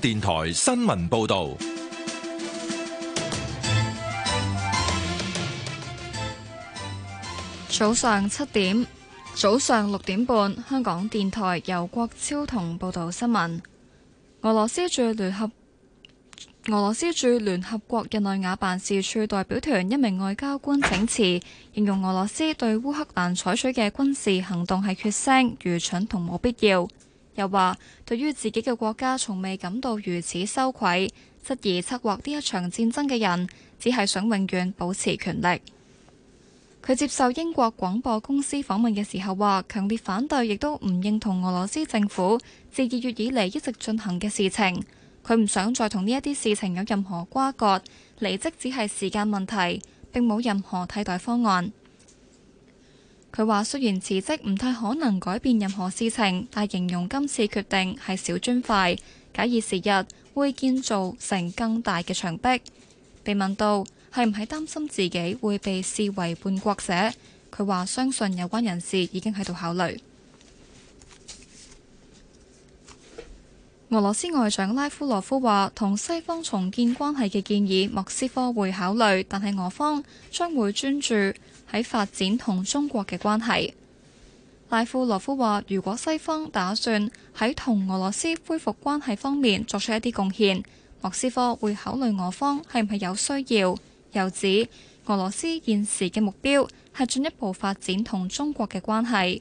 電台新聞報道：早上七點，早上六點半，香港電台由郭超同報道新聞。俄羅斯駐聯合俄羅斯駐聯合國日內瓦辦事處代表團一名外交官請辭，形容俄羅斯對烏克蘭採取嘅軍事行動係血腥、愚蠢同冇必要。又話對於自己嘅國家從未感到如此羞愧，質疑策劃呢一場戰爭嘅人，只係想永遠保持權力。佢接受英國廣播公司訪問嘅時候話，強烈反對，亦都唔認同俄羅斯政府自二月以嚟一直進行嘅事情。佢唔想再同呢一啲事情有任何瓜葛，離職只係時間問題，並冇任何替代方案。佢話：雖然辭職唔太可能改變任何事情，但形容今次決定係小磚塊，假以時日會建造成更大嘅牆壁。被問到係唔係擔心自己會被視為叛國者，佢話相信有關人士已經喺度考慮。俄羅斯外長拉夫羅夫話：同西方重建關係嘅建議，莫斯科會考慮，但係俄方將會專注。喺發展同中國嘅關係，拉夫羅夫話：如果西方打算喺同俄羅斯恢復關係方面作出一啲貢獻，莫斯科會考慮俄方係唔係有需要。又指俄羅斯現時嘅目標係進一步發展同中國嘅關係。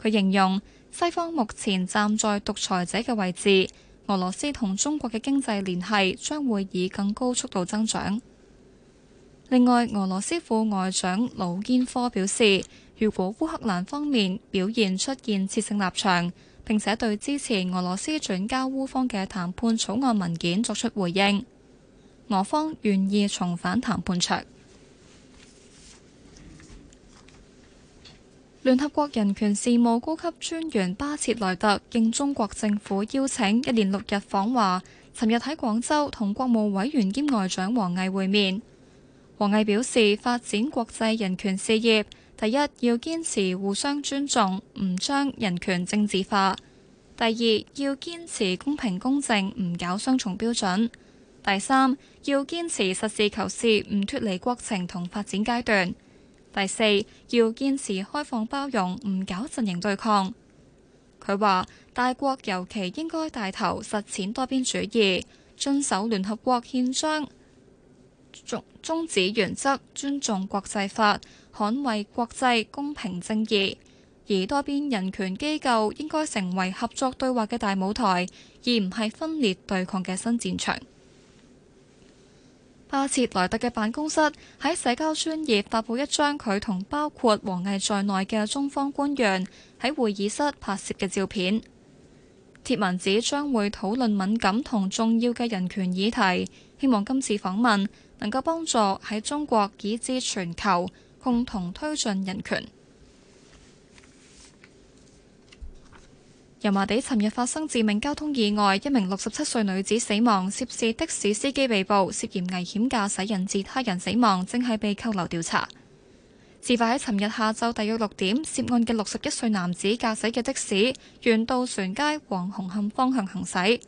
佢形容西方目前站在獨裁者嘅位置，俄羅斯同中國嘅經濟聯繫將會以更高速度增長。另外，俄羅斯副外長魯堅科表示，如果烏克蘭方面表現出建設性立場，並且對之前俄羅斯轉交烏方嘅談判草案文件作出回應，俄方願意重返談判桌。聯合國人權事務高級專員巴切萊特應中國政府邀請，一連六日訪華，尋日喺廣州同國務委員兼外長王毅會面。王毅表示，發展國際人權事業，第一要堅持互相尊重，唔將人權政治化；第二要堅持公平公正，唔搞雙重標準；第三要堅持實事求是，唔脫離國情同發展階段；第四要堅持開放包容，唔搞陣營對抗。佢話：大國尤其應該帶頭實踐多邊主義，遵守聯合國憲章。中止原則，尊重國際法，捍衛國際公平正義。而多邊人權機構應該成為合作對話嘅大舞台，而唔係分裂對抗嘅新戰場。巴切萊特嘅辦公室喺社交專頁發布一張佢同包括王毅在內嘅中方官員喺會議室拍攝嘅照片。貼文指將會討論敏感同重要嘅人權議題，希望今次訪問。能夠幫助喺中國以至全球共同推進人權。油麻地尋日發生致命交通意外，一名六十七歲女子死亡，涉事的士司機被捕，涉嫌危險駕駛引致他人死亡，正係被扣留調查。事發喺尋日下晝約六點，涉案嘅六十一歲男子駕駛嘅的，的士沿渡船街往紅磡方向行駛，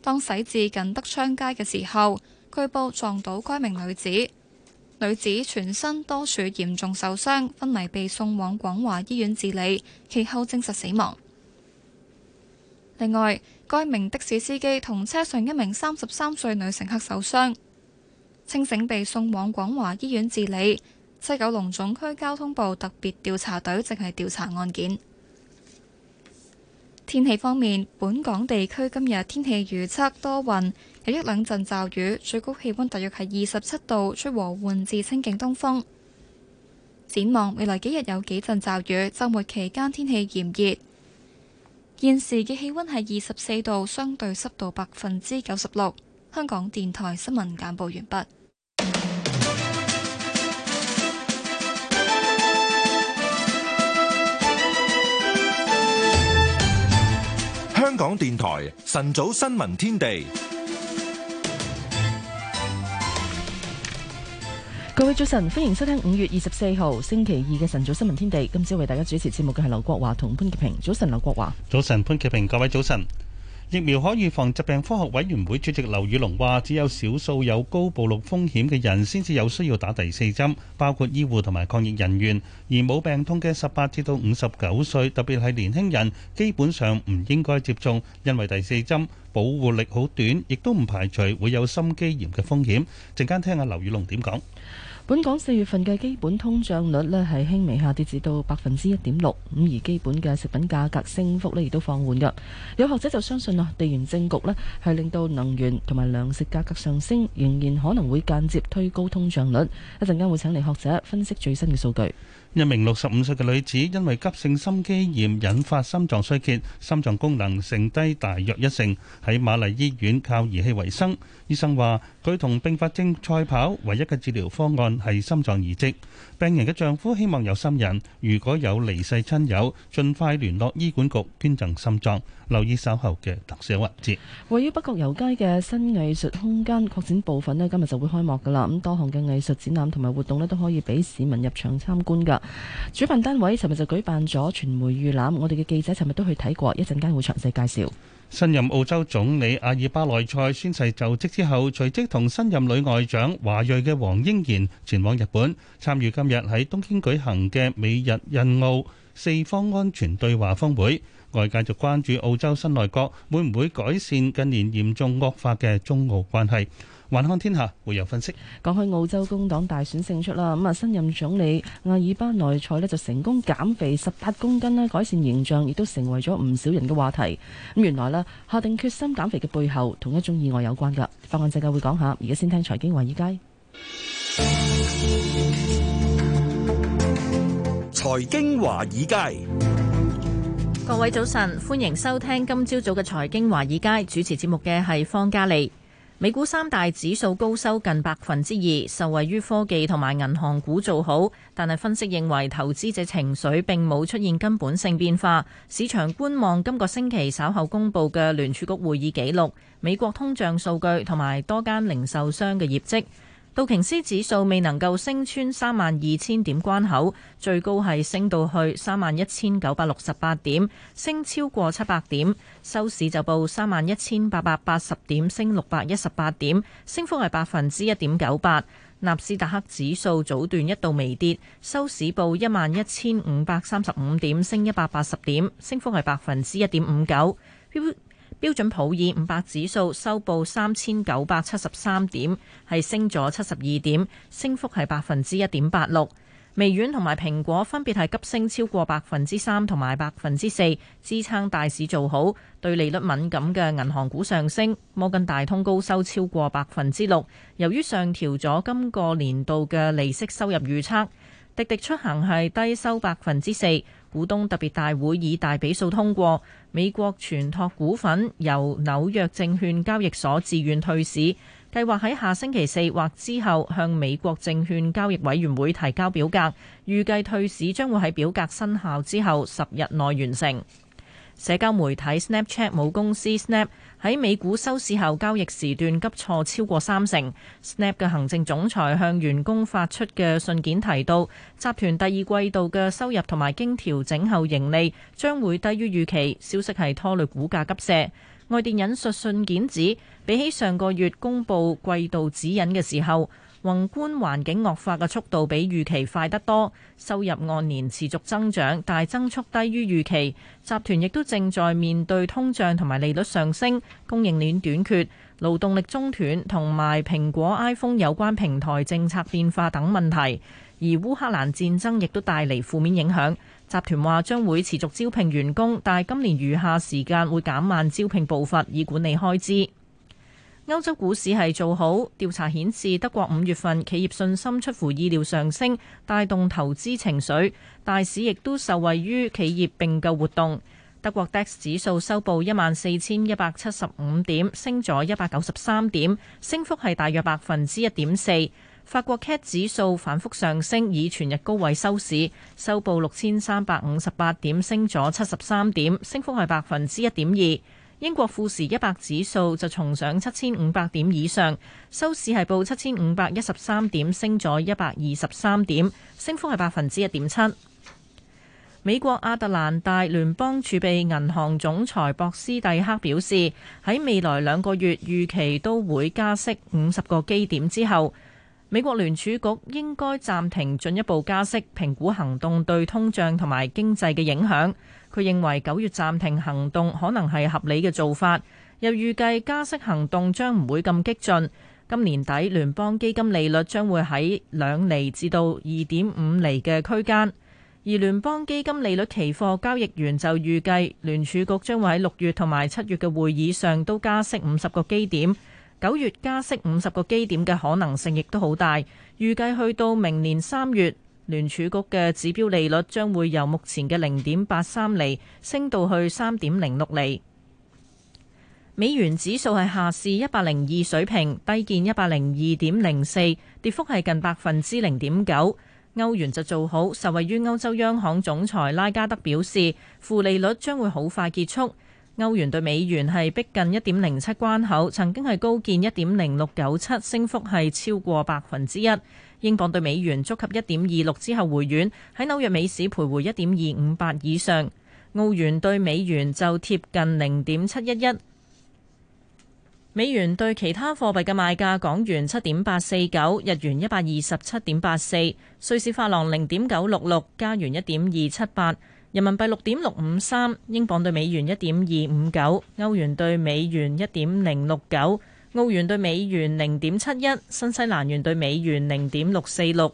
當駛至近德昌街嘅時候。據報撞到該名女子，女子全身多處嚴重受傷，昏迷被送往廣華醫院治理，其後證實死亡。另外，該名的士司機同車上一名三十三歲女乘客受傷，清醒被送往廣華醫院治理。西九龍總區交通部特別調查隊正係調查案件。天氣方面，本港地區今日天氣預測多雲，有一兩陣驟雨，最高氣温大約係二十七度，吹和緩至清勁東風。展望未來幾日有幾陣驟雨，周末期間天氣炎熱。現時嘅氣温係二十四度，相對濕度百分之九十六。香港電台新聞簡報完畢。香港電台晨早新聞天地，各位早晨，歡迎收聽五月二十四號星期二嘅晨早新聞天地。今朝為大家主持節目嘅係劉國華同潘潔平。早晨，劉國華。早晨，潘潔平。各位早晨。疫苗可預防疾病科學委員會主席劉宇龍話：只有少數有高暴露風險嘅人先至有需要打第四針，包括醫護同埋抗疫人員。而冇病痛嘅十八至到五十九歲，特別係年輕人，基本上唔應該接種，因為第四針保護力好短，亦都唔排除會有心肌炎嘅風險。陣間聽下劉宇龍點講。本港四月份嘅基本通脹率呢，係輕微下跌至到百分之一點六，咁而基本嘅食品價格升幅呢，亦都放緩㗎。有學者就相信啊，地緣政局呢，係令到能源同埋糧食價格上升，仍然可能會間接推高通脹率。一陣間會請嚟學者分析最新嘅數據。一名六十五歲嘅女子因為急性心肌炎引發心臟衰竭，心臟功能剩低大約一成，喺瑪麗醫院靠儀器維生。醫生話佢同併發症賽跑，唯一嘅治療方案係心臟移植。病人嘅丈夫希望有心人，如果有離世親友，盡快聯絡醫管局捐贈心臟。留意稍後嘅特寫環節。位於北角油街嘅新藝術空間擴展部分咧，今日就會開幕噶啦。咁多項嘅藝術展覽同埋活動咧，都可以俾市民入場參觀噶。主辦單位尋日就舉辦咗傳媒預覽，我哋嘅記者尋日都去睇過，一陣間會詳細介紹。新任澳洲總理阿爾巴內塞宣誓就職之後，隨即同新任女外長華裔嘅黃英賢前往日本，參與今日喺東京舉行嘅美日印澳四方安全對話峰會。外界就關注澳洲新內閣會唔會改善近年嚴重惡化嘅中澳關係。環看天下會有分析，講開澳洲工黨大選勝出啦，咁啊新任總理阿爾巴內塞呢就成功減肥十八公斤咧，改善形象，亦都成為咗唔少人嘅話題。咁原來呢下定決心減肥嘅背後，同一宗意外有關噶。《放眼世界》會講下，而家先聽財經華爾街。財經華爾街，各位早晨，歡迎收聽今朝早嘅財經華爾街，主持節目嘅係方嘉莉。美股三大指數高收近百分之二，受惠於科技同埋銀行股做好，但係分析認為投資者情緒並冇出現根本性變化。市場觀望今個星期稍後公布嘅聯儲局會議記錄、美國通脹數據同埋多間零售商嘅業績。道瓊斯指數未能夠升穿三萬二千點關口，最高係升到去三萬一千九百六十八點，升超過七百點，收市就報三萬一千八百八十點，升六百一十八點，升幅係百分之一點九八。納斯達克指數早段一度微跌，收市報一萬一千五百三十五點，升一百八十點，升幅係百分之一點五九。標準普爾五百指數收報三千九百七十三點，係升咗七十二點，升幅係百分之一點八六。微軟同埋蘋果分別係急升超過百分之三同埋百分之四，支撐大市做好，對利率敏感嘅銀行股上升，摩根大通高收超過百分之六，由於上調咗今個年度嘅利息收入預測，滴滴出行係低收百分之四。股東特別大會以大比數通過，美國全托股份由紐約證券交易所自願退市，計劃喺下星期四或之後向美國證券交易委員會提交表格，預計退市將會喺表格生效之後十日內完成。社交媒體 Snapchat 母公司 Snap。喺美股收市後交易時段急挫超過三成，Snap 嘅行政總裁向員工發出嘅信件提到，集團第二季度嘅收入同埋經調整後盈利將會低於預期，消息係拖累股價急瀉。外電引述信件指，比起上個月公佈季度指引嘅時候，宏觀環境惡化嘅速度比預期快得多，收入按年持續增長，但係增速低於預期。集團亦都正在面對通脹同埋利率上升、供應鏈短缺、勞動力中斷同埋蘋果 iPhone 有關平台政策變化等問題。而烏克蘭戰爭亦都帶嚟負面影響。集團話將會持續招聘員工，但係今年餘下時間會減慢招聘步伐以管理開支。歐洲股市係做好，調查顯示德國五月份企業信心出乎意料上升，帶動投資情緒。大市亦都受惠於企業併購活動。德國 DAX 指數收報一萬四千一百七十五點，升咗一百九十三點，升幅係大約百分之一點四。法國 CAC 指數反復上升，以全日高位收市，收報六千三百五十八點，升咗七十三點，升幅係百分之一點二。英國富時一百指數就重上七千五百點以上，收市係報七千五百一十三點，升咗一百二十三點，升幅係百分之一點七。美國亞特蘭大聯邦儲備銀行總裁博斯蒂克表示，喺未來兩個月預期都會加息五十個基點之後，美國聯儲局應該暫停進一步加息，評估行動對通脹同埋經濟嘅影響。佢認為九月暫停行動可能係合理嘅做法，又預計加息行動將唔會咁激進。今年底聯邦基金利率將會喺兩厘至到二點五厘嘅區間，而聯邦基金利率期貨交易員就預計聯儲局將會喺六月同埋七月嘅會議上都加息五十個基點，九月加息五十個基點嘅可能性亦都好大，預計去到明年三月。聯儲局嘅指標利率將會由目前嘅零點八三厘升到去三點零六厘。美元指數係下市一百零二水平，低見一百零二點零四，跌幅係近百分之零點九。歐元就做好，受惠於歐洲央行總裁拉加德表示，負利率將會好快結束。歐元對美元係逼近一點零七關口，曾經係高見一點零六九七，升幅係超過百分之一。英鎊對美元觸及一點二六之後回軟，喺紐約美市徘徊一點二五八以上。澳元對美元就貼近零點七一一。美元對其他貨幣嘅賣價，港元七點八四九，日元一百二十七點八四，瑞士法郎零點九六六，加元一點二七八。人民幣六點六五三，英鎊兌美元一點二五九，歐元兌美元一點零六九，澳元兌美元零點七一，新西蘭元兌美元零點六四六。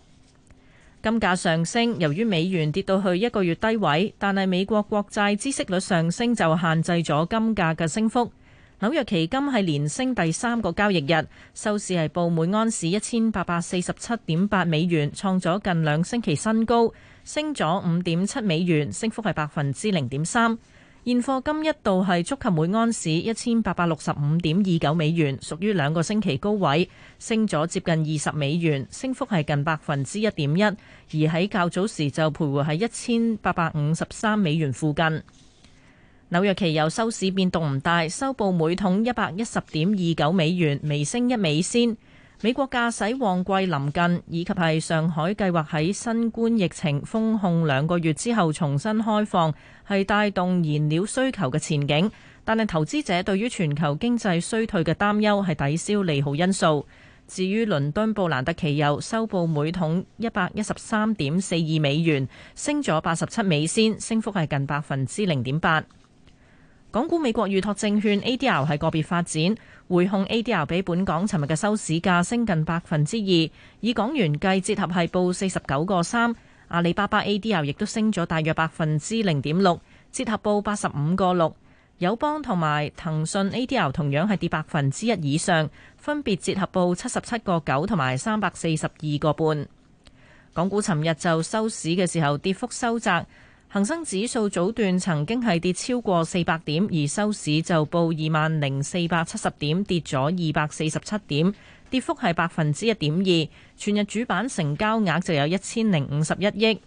金價上升，由於美元跌到去一個月低位，但係美國國債孳息率上升就限制咗金價嘅升幅。紐約期金係連升第三個交易日，收市係報每安士一千八百四十七點八美元，創咗近兩星期新高。升咗五點七美元，升幅係百分之零點三。現貨金一度係觸及每安士一千八百六十五點二九美元，屬於兩個星期高位，升咗接近二十美元，升幅係近百分之一點一。而喺較早時就徘徊喺一千八百五十三美元附近。紐約期油收市變動唔大，收報每桶一百一十點二九美元，微升一美仙。美國駕駛旺季臨近，以及係上海計劃喺新冠疫情封控兩個月之後重新開放，係帶動燃料需求嘅前景。但係投資者對於全球經濟衰退嘅擔憂係抵消利好因素。至於倫敦布蘭特期油收報每桶一百一十三點四二美元，升咗八十七美仙，升幅係近百分之零點八。港股美國預託證券 ADR 係個別發展。匯控 A D R 比本港尋日嘅收市價升近百分之二，以港元計，折合係報四十九個三。阿里巴巴 A D R 亦都升咗大約百分之零點六，折合報八十五個六。友邦同埋騰訊 A D R 同樣係跌百分之一以上，分別折合報七十七個九同埋三百四十二個半。港股尋日就收市嘅時候，跌幅收窄。恒生指數早段曾經係跌超過四百點，而收市就報二萬零四百七十點，跌咗二百四十七點，跌幅係百分之一點二。全日主板成交額就有一千零五十一億。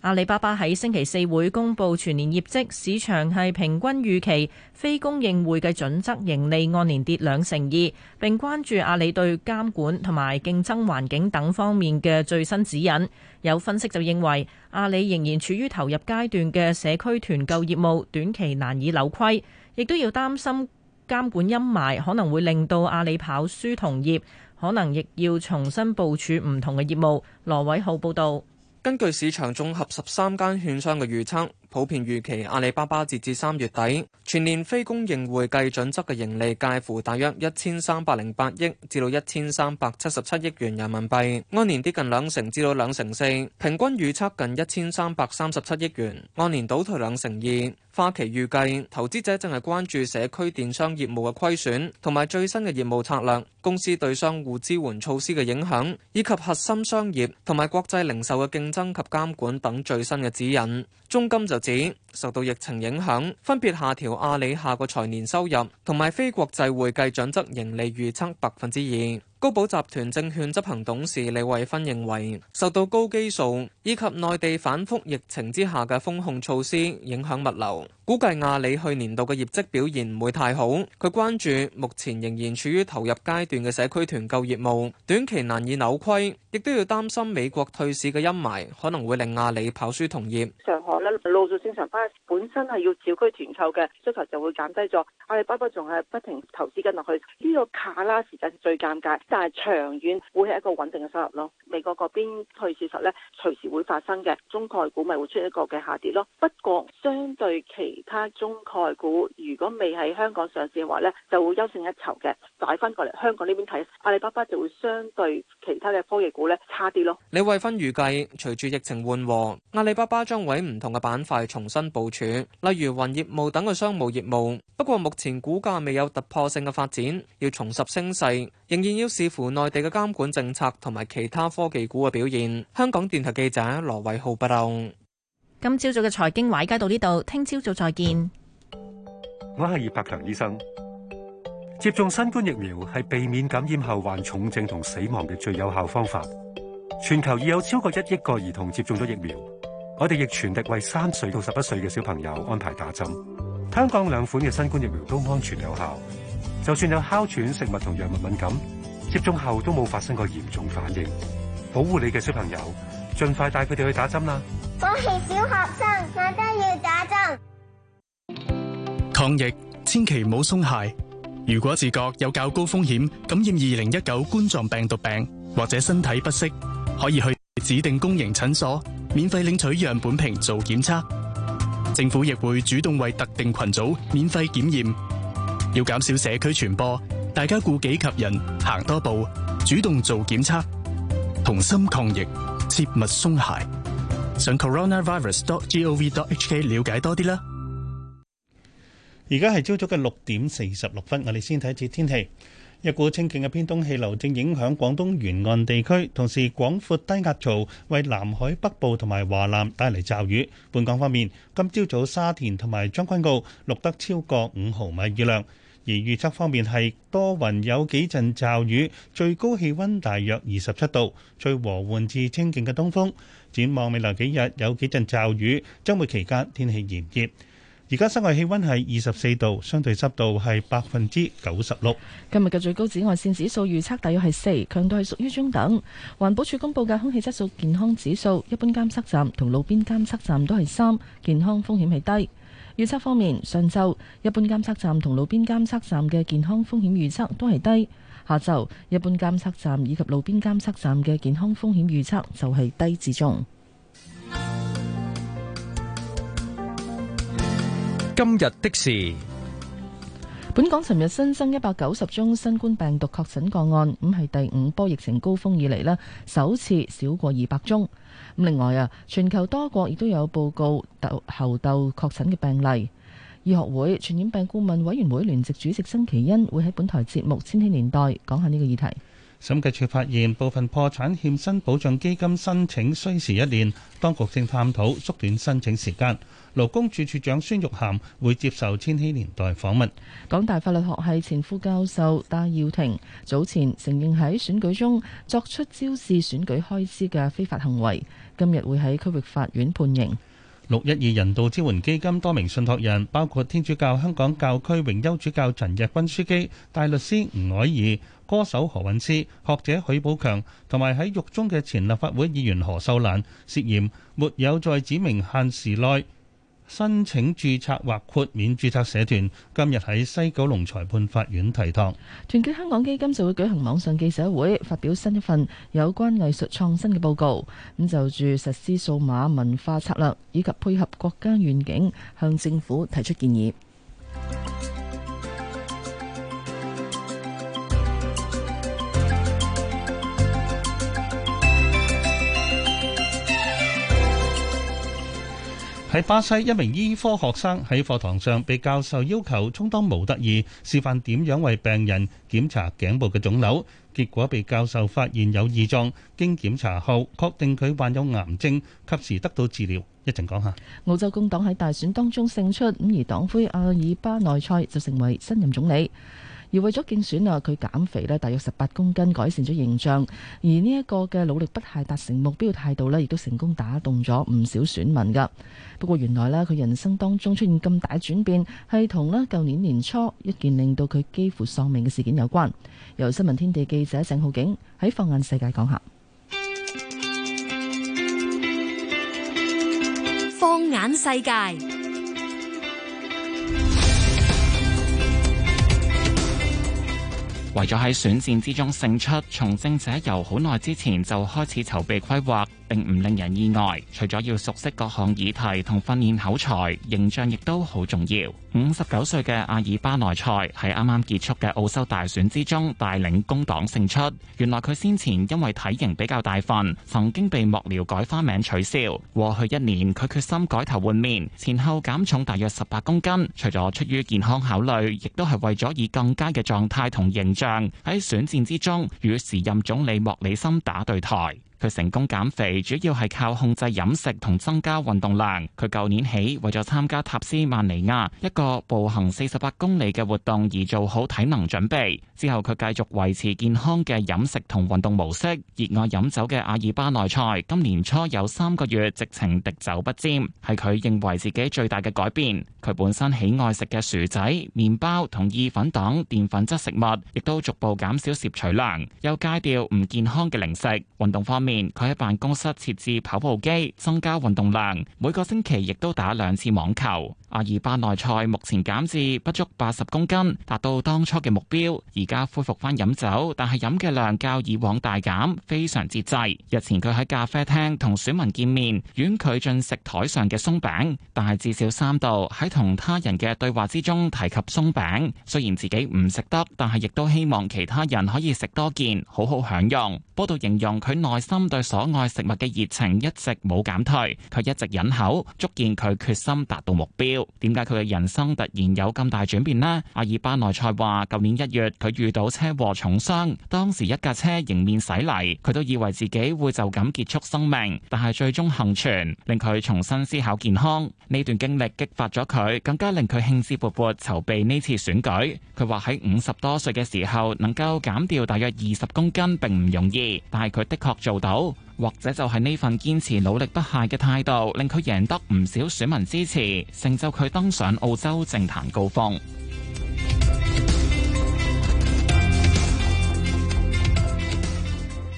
阿里巴巴喺星期四會公布全年業績，市場係平均預期非公認會計準則盈利按年跌兩成二。並關注阿里對監管同埋競爭環境等方面嘅最新指引。有分析就認為，阿里仍然處於投入階段嘅社區團購業務短期難以扭虧，亦都要擔心監管陰霾可能會令到阿里跑輸同業，可能亦要重新部署唔同嘅業務，羅偉浩報道。根據市場綜合十三間券商嘅預測，普遍預期阿里巴巴截至三月底全年非公認會計準則嘅盈利介乎大約一千三百零八億至到一千三百七十七億元人民幣，按年跌近兩成至到兩成四，平均預測近一千三百三十七億元，按年倒退兩成二。花旗預計投資者正係關注社區電商業務嘅虧損，同埋最新嘅業務策略、公司對商戶支援措施嘅影響，以及核心商業同埋國際零售嘅競爭及監管等最新嘅指引。中金就指，受到疫情影響，分別下調阿里下個財年收入同埋非國際會計準則盈利預測百分之二。高寶集團證券執行董事李慧芬認為，受到高基數以及內地反覆疫情之下嘅封控措施影響物流。估計阿里去年度嘅業績表現唔會太好，佢關注目前仍然處於投入階段嘅社區團購業務，短期難以扭虧，亦都要擔心美國退市嘅陰霾可能會令阿里跑輸同業。上海呢陸續正常翻，本身係要小區團購嘅需求就會減低咗，阿里巴巴仲係不停投資緊落去，呢、這個卡啦時間最尷尬，但係長遠會係一個穩定嘅收入咯。美國嗰邊退市實呢，隨時會發生嘅，中概股咪會出一個嘅下跌咯。不過相對其。其他中概股如果未喺香港上市嘅話呢，就會優勝一籌嘅。睇翻過嚟香港呢邊睇，阿里巴巴就會相對其他嘅科技股呢，差啲咯。李慧芬預計，隨住疫情緩和，阿里巴巴將會喺唔同嘅板塊重新部署，例如雲業務等嘅商務業務。不過目前股價未有突破性嘅發展，要重拾升勢，仍然要視乎內地嘅監管政策同埋其他科技股嘅表現。香港電台記者羅偉浩報道。今朝早嘅財經話解到呢度，聽朝早再見。我係葉柏強醫生，接種新冠疫苗係避免感染後患重症同死亡嘅最有效方法。全球已有超過一億個兒童接種咗疫苗，我哋亦全力為三歲到十一歲嘅小朋友安排打針。香港兩款嘅新冠疫苗都安全有效，就算有哮喘、食物同藥物敏感，接種後都冇發生過嚴重反應。保護你嘅小朋友。盡快帶佢哋去打針啦！我係小學生，我都要打針。抗疫千祈唔好鬆懈。如果自覺有較高風險感染2019冠狀病毒病，或者身體不適，可以去指定公營診所免費領取樣本瓶做檢測。政府亦會主動為特定群組免費檢驗。要減少社區傳播，大家顧己及人，行多步，主動做檢測，同心抗疫。切勿鬆懈，上 coronavirus.gov.hk 了解多啲啦。而家係朝早嘅六點四十六分，我哋先睇一次天氣。一股清勁嘅偏東氣流正影響廣東沿岸地區，同時廣闊低壓槽為南海北部同埋華南帶嚟驟雨。本港方面，今朝早沙田同埋將軍澳錄得超過五毫米雨量。而預測方面係多雲，有幾陣驟雨，最高氣温大約二十七度，最和緩至清勁嘅東風。展望未來幾日有幾陣驟雨，週末期間天氣炎熱。而家室外氣温係二十四度，相對濕度係百分之九十六。今日嘅最高紫外線指數預測大約係四，強度係屬於中等。環保署公布嘅空氣質素健康指數，一般監測站同路邊監測站都係三，健康風險係低。預測方面，上晝一般監測站同路邊監測站嘅健康風險預測都係低，下晝一般監測站以及路邊監測站嘅健康風險預測就係低至中。今日的事。本港尋日新增一百九十宗新冠病毒確診個案，咁係第五波疫情高峰以嚟咧首次少過二百宗。咁另外啊，全球多國亦都有報告鬥猴痘確診嘅病例。醫學會傳染病顧問委員會聯席主席曾祈殷會喺本台節目《千禧年代》講下呢個議題。審計處發現部分破產欠薪保障基金申請需時一年，當局正探討縮短申請時間。勞工處處長孫玉菡會接受《千禧年代》訪問。港大法律學系前副教授戴耀廷早前承認喺選舉中作出招致選舉開支嘅非法行為，今日會喺區域法院判刑。六一二人道支援基金多名信託人，包括天主教香港教區榮休主教陳日君樞機、大律師吳靄儀、歌手何韻詩、學者許寶強，同埋喺獄中嘅前立法會議員何秀蘭，涉嫌沒有在指明限時內。申請註冊或豁免註冊社團，今日喺西九龍裁判法院提堂。團結香港基金就會舉行網上記者會，發表新一份有關藝術創新嘅報告。咁就住實施數碼文化策略，以及配合國家願景，向政府提出建議。喺巴西，一名醫科學生喺課堂上被教授要求充當模特兒，示範點樣為病人檢查頸部嘅腫瘤，結果被教授發現有異狀，經檢查後確定佢患有癌症，及時得到治療。一陣講下澳洲工黨喺大選當中勝出，咁而黨魁阿爾巴內塞就成為新任總理。而為咗競選啊，佢減肥咧，大約十八公斤，改善咗形象。而呢一個嘅努力不懈，達成目標態度咧，亦都成功打動咗唔少選民噶。不過原來咧，佢人生當中出現咁大轉變，係同咧舊年年初一件令到佢幾乎喪命嘅事件有關。由新聞天地記者鄭浩景喺放眼世界講下，放眼世界。為咗喺選戰之中勝出，從政者由好耐之前就開始籌備規劃，並唔令人意外。除咗要熟悉各項議題同訓練口才，形象亦都好重要。五十九歲嘅阿爾巴內塞喺啱啱結束嘅澳洲大選之中帶領工黨勝出。原來佢先前因為體型比較大份，曾經被幕僚改花名取笑。過去一年佢決心改頭換面，前後減重大約十八公斤，除咗出於健康考慮，亦都係為咗以更佳嘅狀態同形象喺選戰之中與時任總理莫里森打對台。佢成功減肥，主要係靠控制飲食同增加運動量。佢舊年起為咗參加塔斯曼尼亞一個步行四十八公里嘅活動而做好體能準備，之後佢繼續維持健康嘅飲食同運動模式。熱愛飲酒嘅阿爾巴內賽今年初有三個月直情滴酒不沾，係佢認為自己最大嘅改變。佢本身喜愛食嘅薯仔、麵包同意粉等澱粉質食物，亦都逐步減少攝取量，又戒掉唔健康嘅零食。運動方面，佢喺辦公室設置跑步機，增加運動量，每個星期亦都打兩次網球。阿爾巴內塞目前減至不足八十公斤，達到當初嘅目標。而家恢復返飲酒，但係飲嘅量較以往大減，非常節制。日前佢喺咖啡廳同選民見面，婉拒進食台上嘅鬆餅，但係至少三度喺同他人嘅對話之中提及鬆餅。雖然自己唔食得，但係亦都希望其他人可以食多件，好好享用。報道形容佢內心對所愛食物嘅熱情一直冇減退，佢一直忍口，足見佢決心達到目標。點解佢嘅人生突然有咁大轉變呢？阿爾巴內塞話，舊年一月佢遇到車禍重傷，當時一架車迎面駛嚟，佢都以為自己會就咁結束生命，但係最終幸存，令佢重新思考健康。呢段經歷激發咗佢，更加令佢興致勃勃籌，籌，籌備呢次選舉。佢話喺五十多歲嘅時候能夠減掉大約二十公斤，並唔容易，但係佢的確做到。或者就係呢份堅持、努力不懈嘅態度，令佢贏得唔少選民支持，成就佢登上澳洲政壇高峰。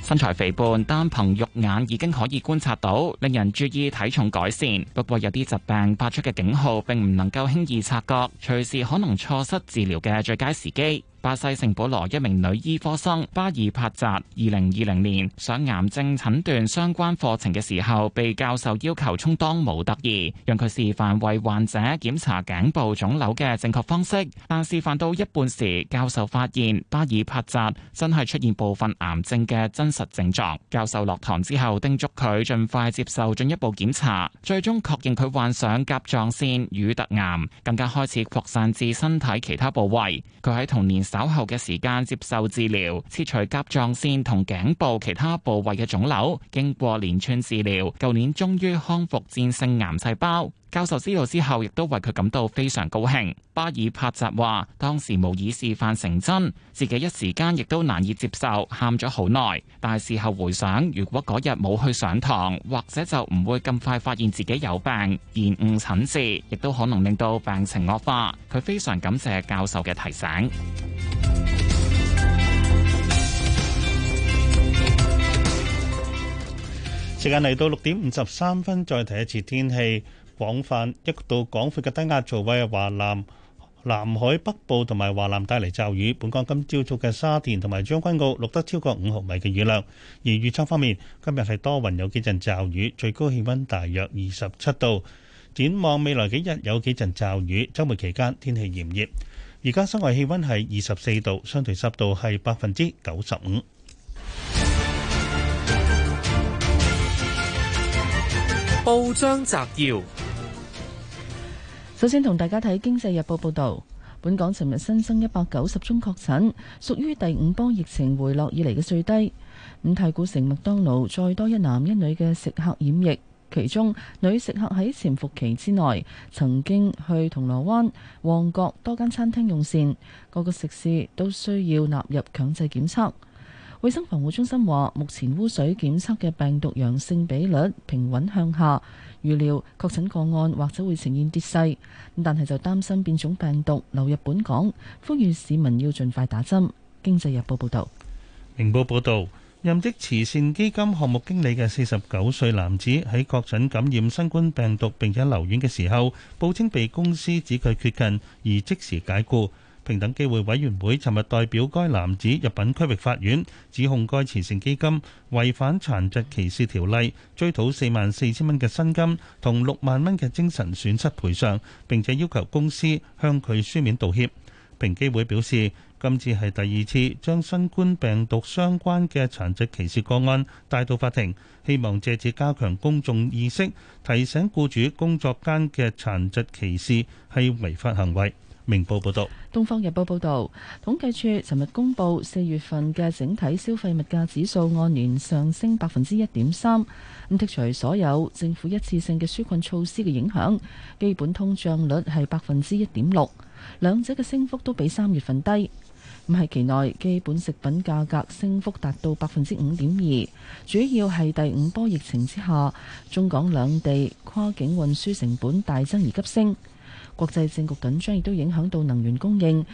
身材肥胖，單憑肉眼已經可以觀察到，令人注意體重改善。不過有啲疾病發出嘅警號，並唔能夠輕易察覺，隨時可能錯失治療嘅最佳時機。巴西聖保羅一名女醫科生巴爾帕扎，二零二零年上癌症診斷相關課程嘅時候，被教授要求充當模特兒，讓佢示範為患者檢查頸部腫瘤嘅正確方式。但示範到一半時，教授發現巴爾帕扎真係出現部分癌症嘅真實症狀。教授落堂之後叮囑佢盡快接受進一步檢查，最終確認佢患上甲狀腺乳突癌，更加開始擴散至身體其他部位。佢喺同年稍後嘅時間接受治療，切除甲狀腺同頸部其他部位嘅腫瘤，經過連串治療，舊年終於康復戰勝癌細胞。教授知道之後，亦都為佢感到非常高興。巴爾帕澤話：當時無以事犯成真，自己一時間亦都難以接受，喊咗好耐。但係事後回想，如果嗰日冇去上堂，或者就唔會咁快發現自己有病，延誤診治，亦都可能令到病情惡化。佢非常感謝教授嘅提醒。時間嚟到六點五十三分，再睇一次天氣。廣泛一道廣闊嘅低壓槽喺華南、南海北部同埋華南帶嚟驟雨。本港今朝早嘅沙田同埋將軍澳錄得超過五毫米嘅雨量。而預測方面，今日係多雲有幾陣驟雨，最高氣溫大約二十七度。展望未來幾日有幾陣驟雨，周末期間天氣炎熱。而家室外氣溫係二十四度，相對濕度係百分之九十五。報章摘要。首先同大家睇《經濟日報》報導，本港尋日新增一百九十宗確診，屬於第五波疫情回落以嚟嘅最低。咁太古城麥當勞再多一男一女嘅食客染疫，其中女食客喺潛伏期之內曾經去銅鑼灣、旺角多間餐廳用膳，各個食肆都需要納入強制檢測。衛生防護中心話，目前污水檢測嘅病毒陽性比率平穩向下，預料確診個案或者會呈現跌勢，但係就擔心變種病毒流入本港，呼籲市民要盡快打針。經濟日報報道，明報報道，任職慈善基金項目經理嘅四十九歲男子喺確診感染新冠病毒並且留院嘅時候，報稱被公司指佢缺勤而即時解僱。平等機會委員會尋日代表該男子入禀區域法院，指控該慈善基金違反殘疾歧視條例，追討四萬四千蚊嘅薪金同六萬蚊嘅精神損失賠償，並且要求公司向佢書面道歉。平機會表示，今次係第二次將新冠病毒相關嘅殘疾歧視個案帶到法庭，希望借此加強公眾意識，提醒雇主工作間嘅殘疾歧視係違法行為。明報報道，東方日報報道，統計處尋日公布四月份嘅整體消費物價指數按年上升百分之一點三，剔除所有政府一次性嘅紓困措施嘅影響，基本通脹率係百分之一點六，兩者嘅升幅都比三月份低。咁喺期內，基本食品價格升幅達到百分之五點二，主要係第五波疫情之下，中港兩地跨境運輸成本大增而急升。國際政局緊張，亦都影響到能源供應，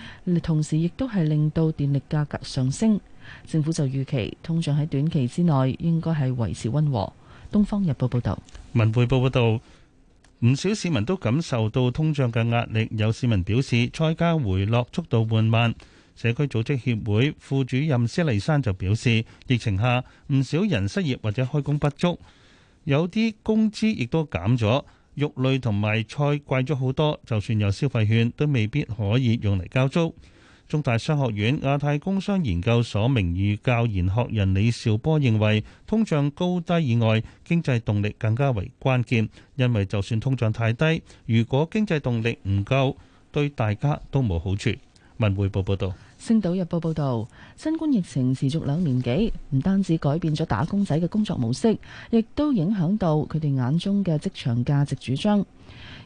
同時亦都係令到電力價格上升。政府就預期通脹喺短期之內應該係維持溫和。《東方日報》報導，《文匯報》報導，唔少市民都感受到通脹嘅壓力。有市民表示，菜價回落速度緩慢。社區組織協會副主任施麗珊就表示，疫情下唔少人失業或者開工不足，有啲工資亦都減咗。肉類同埋菜貴咗好多，就算有消費券都未必可以用嚟交租。中大商學院亞太工商研究所名譽教研學人李兆波認為，通脹高低以外，經濟動力更加為關鍵。因為就算通脹太低，如果經濟動力唔夠，對大家都冇好處。文匯報報導。《星島日報》報道，新冠疫情持續兩年幾，唔單止改變咗打工仔嘅工作模式，亦都影響到佢哋眼中嘅職場價值主張。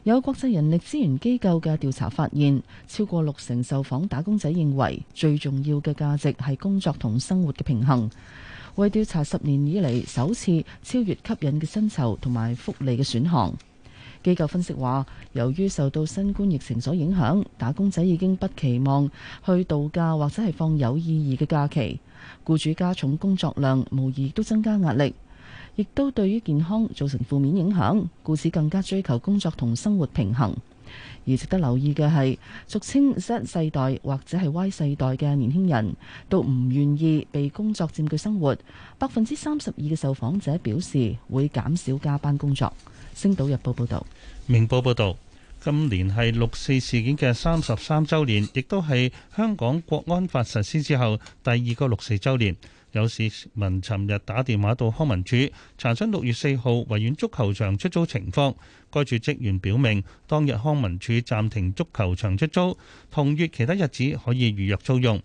有國際人力資源機構嘅調查發現，超過六成受訪打工仔認為最重要嘅價值係工作同生活嘅平衡，為調查十年以嚟首次超越吸引嘅薪酬同埋福利嘅選項。機構分析話，由於受到新冠疫情所影響，打工仔已經不期望去度假或者係放有意義嘅假期。僱主加重工作量，無疑都增加壓力，亦都對於健康造成負面影響。故此，更加追求工作同生活平衡。而值得留意嘅係，俗稱 Z 世代或者係 Y 世代嘅年輕人，都唔願意被工作佔據生活。百分之三十二嘅受訪者表示會減少加班工作。星島日報報道，明報報道，今年係六四事件嘅三十三周年，亦都係香港國安法實施之後第二個六四周年。有市民尋日打電話到康文署查詢六月四號維園足球場出租情況，該處職員表明當日康文署暫停足球場出租，同月其他日子可以預約租用。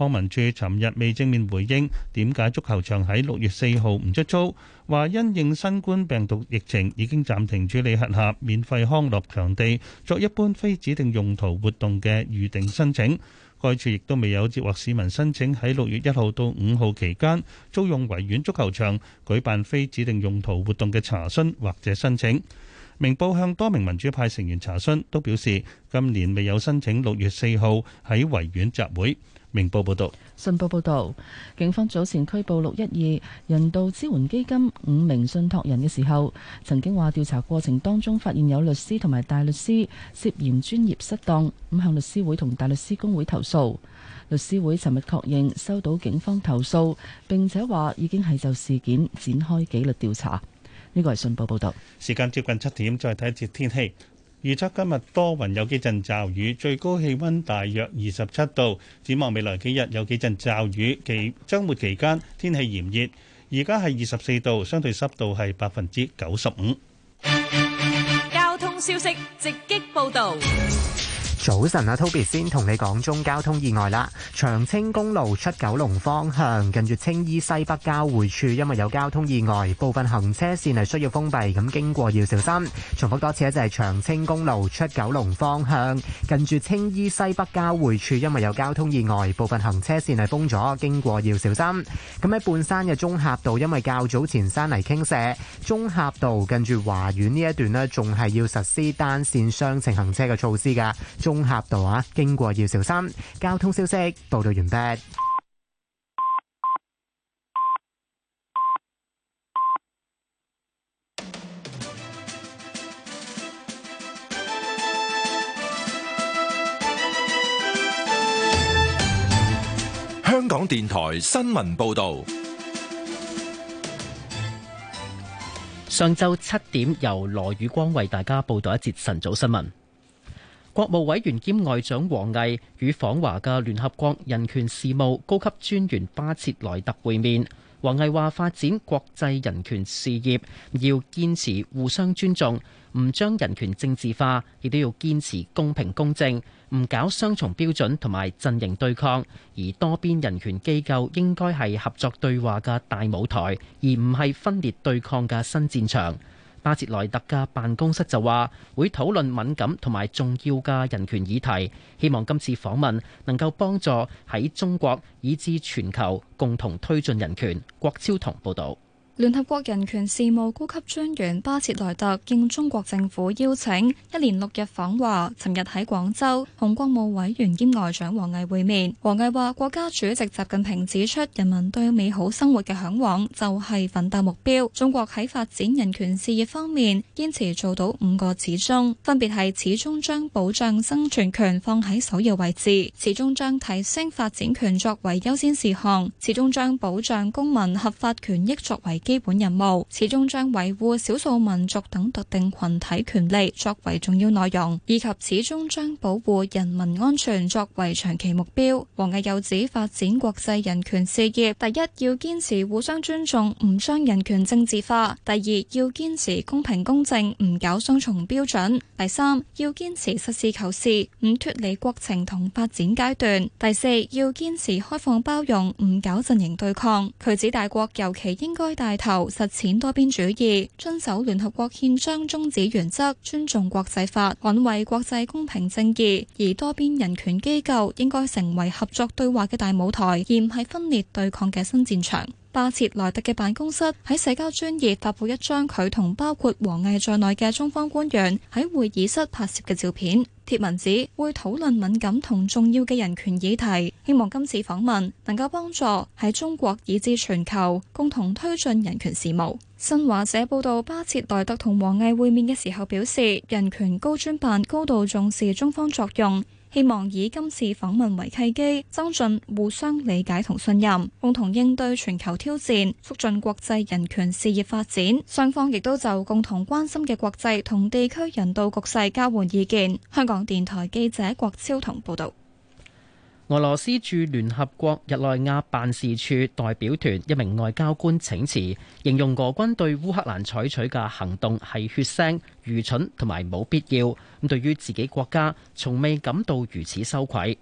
康文署尋日未正面回應點解足球場喺六月四號唔出租，話因應新冠病毒疫情已經暫停處理轄下免費康樂場地作一般非指定用途活動嘅預定申請。該處亦都未有接獲市民申請喺六月一號到五號期間租用維園足球場舉辦非指定用途活動嘅查詢或者申請。明報向多名民主派成員查詢，都表示今年未有申請六月四號喺維園集會。明報報道，信報報道，警方早前拘捕六一二人道支援基金五名信託人嘅時候，曾經話調查過程當中發現有律師同埋大律師涉嫌專業失當，咁向律師會同大律師公會投訴。律師會尋日確認收到警方投訴，並且話已經係就事件展開紀律調查。呢個係信報報道。時間接近七點，再睇一節天氣。預測今日多雲有幾陣驟雨，最高氣溫大約二十七度。展望未來幾日有幾陣驟雨，期週末期間天氣炎熱。而家係二十四度，相對濕度係百分之九十五。交通消息直擊報道。早晨啊，Toby 先同你講中交通意外啦。長青公路出九龍方向，近住青衣西北交匯處，因為有交通意外，部分行車線係需要封閉，咁經過要小心。重複多次，就係長青公路出九龍方向，近住青衣西北交匯處，因為有交通意外，部分行車線係封咗，經過要小心。咁喺半山嘅中峽道，因為較早前山泥傾瀉，中峽道近住華苑呢一段呢，仲係要實施單線雙程行車嘅措施噶。中峽道啊，經過要小心，交通消息報道完畢。香港電台新聞報道，上晝七點由羅宇光為大家報道一節晨早新聞。國務委員兼外長王毅與訪華嘅聯合國人權事務高級專員巴切萊特會面。王毅話：發展國際人權事業，要堅持互相尊重，唔將人權政治化，亦都要堅持公平公正，唔搞雙重標準同埋陣營對抗。而多邊人權機構應該係合作對話嘅大舞台，而唔係分裂對抗嘅新戰場。巴捷萊特嘅辦公室就話，會討論敏感同埋重要嘅人權議題，希望今次訪問能夠幫助喺中國以至全球共同推進人權。郭超彤報導。聯合國人權事務高級專員巴切萊特應中國政府邀請，一連六日訪華，尋日喺廣州，同國務委員兼外長王毅會面。王毅話國家主席習近平指出，人民對美好生活嘅嚮往就係奮鬥目標，中國喺發展人權事業方面堅持做到五個始終，分別係，始終將保障生存權放喺首要位置，始終將提升發展權作為優先事項，始終將保障公民合法權益作為。基本任務，始終將維護少數民族等特定群體權利作為重要內容，以及始終將保護人民安全作為長期目標。王毅又指，發展國際人權事業，第一要堅持互相尊重，唔將人權政治化；第二要堅持公平公正，唔搞雙重標準；第三要堅持實事求是，唔脫離國情同發展階段；第四要堅持開放包容，唔搞陣營對抗。佢指大國尤其應該帶頭實踐多邊主義，遵守聯合國憲章宗旨原則，尊重國際法，捍衛國際公平正義。而多邊人權機構應該成為合作對話嘅大舞台，而唔係分裂對抗嘅新戰場。巴切萊特嘅辦公室喺社交專頁發布一張佢同包括王毅在內嘅中方官員喺會議室拍攝嘅照片。貼文指會討論敏感同重要嘅人權議題，希望今次訪問能夠幫助喺中國以至全球共同推進人權事務。新華社報道，巴切萊特同王毅會面嘅時候表示，人權高專辦高度重視中方作用。希望以今次訪問為契機，增進互相理解同信任，共同應對全球挑戰，促進國際人權事業發展。雙方亦都就共同關心嘅國際同地區人道局勢交換意見。香港電台記者郭超同報導。俄羅斯駐聯合國日內瓦辦事處代表團一名外交官請辭，形容俄軍對烏克蘭採取嘅行動係血腥、愚蠢同埋冇必要。咁對於自己國家，從未感到如此羞愧。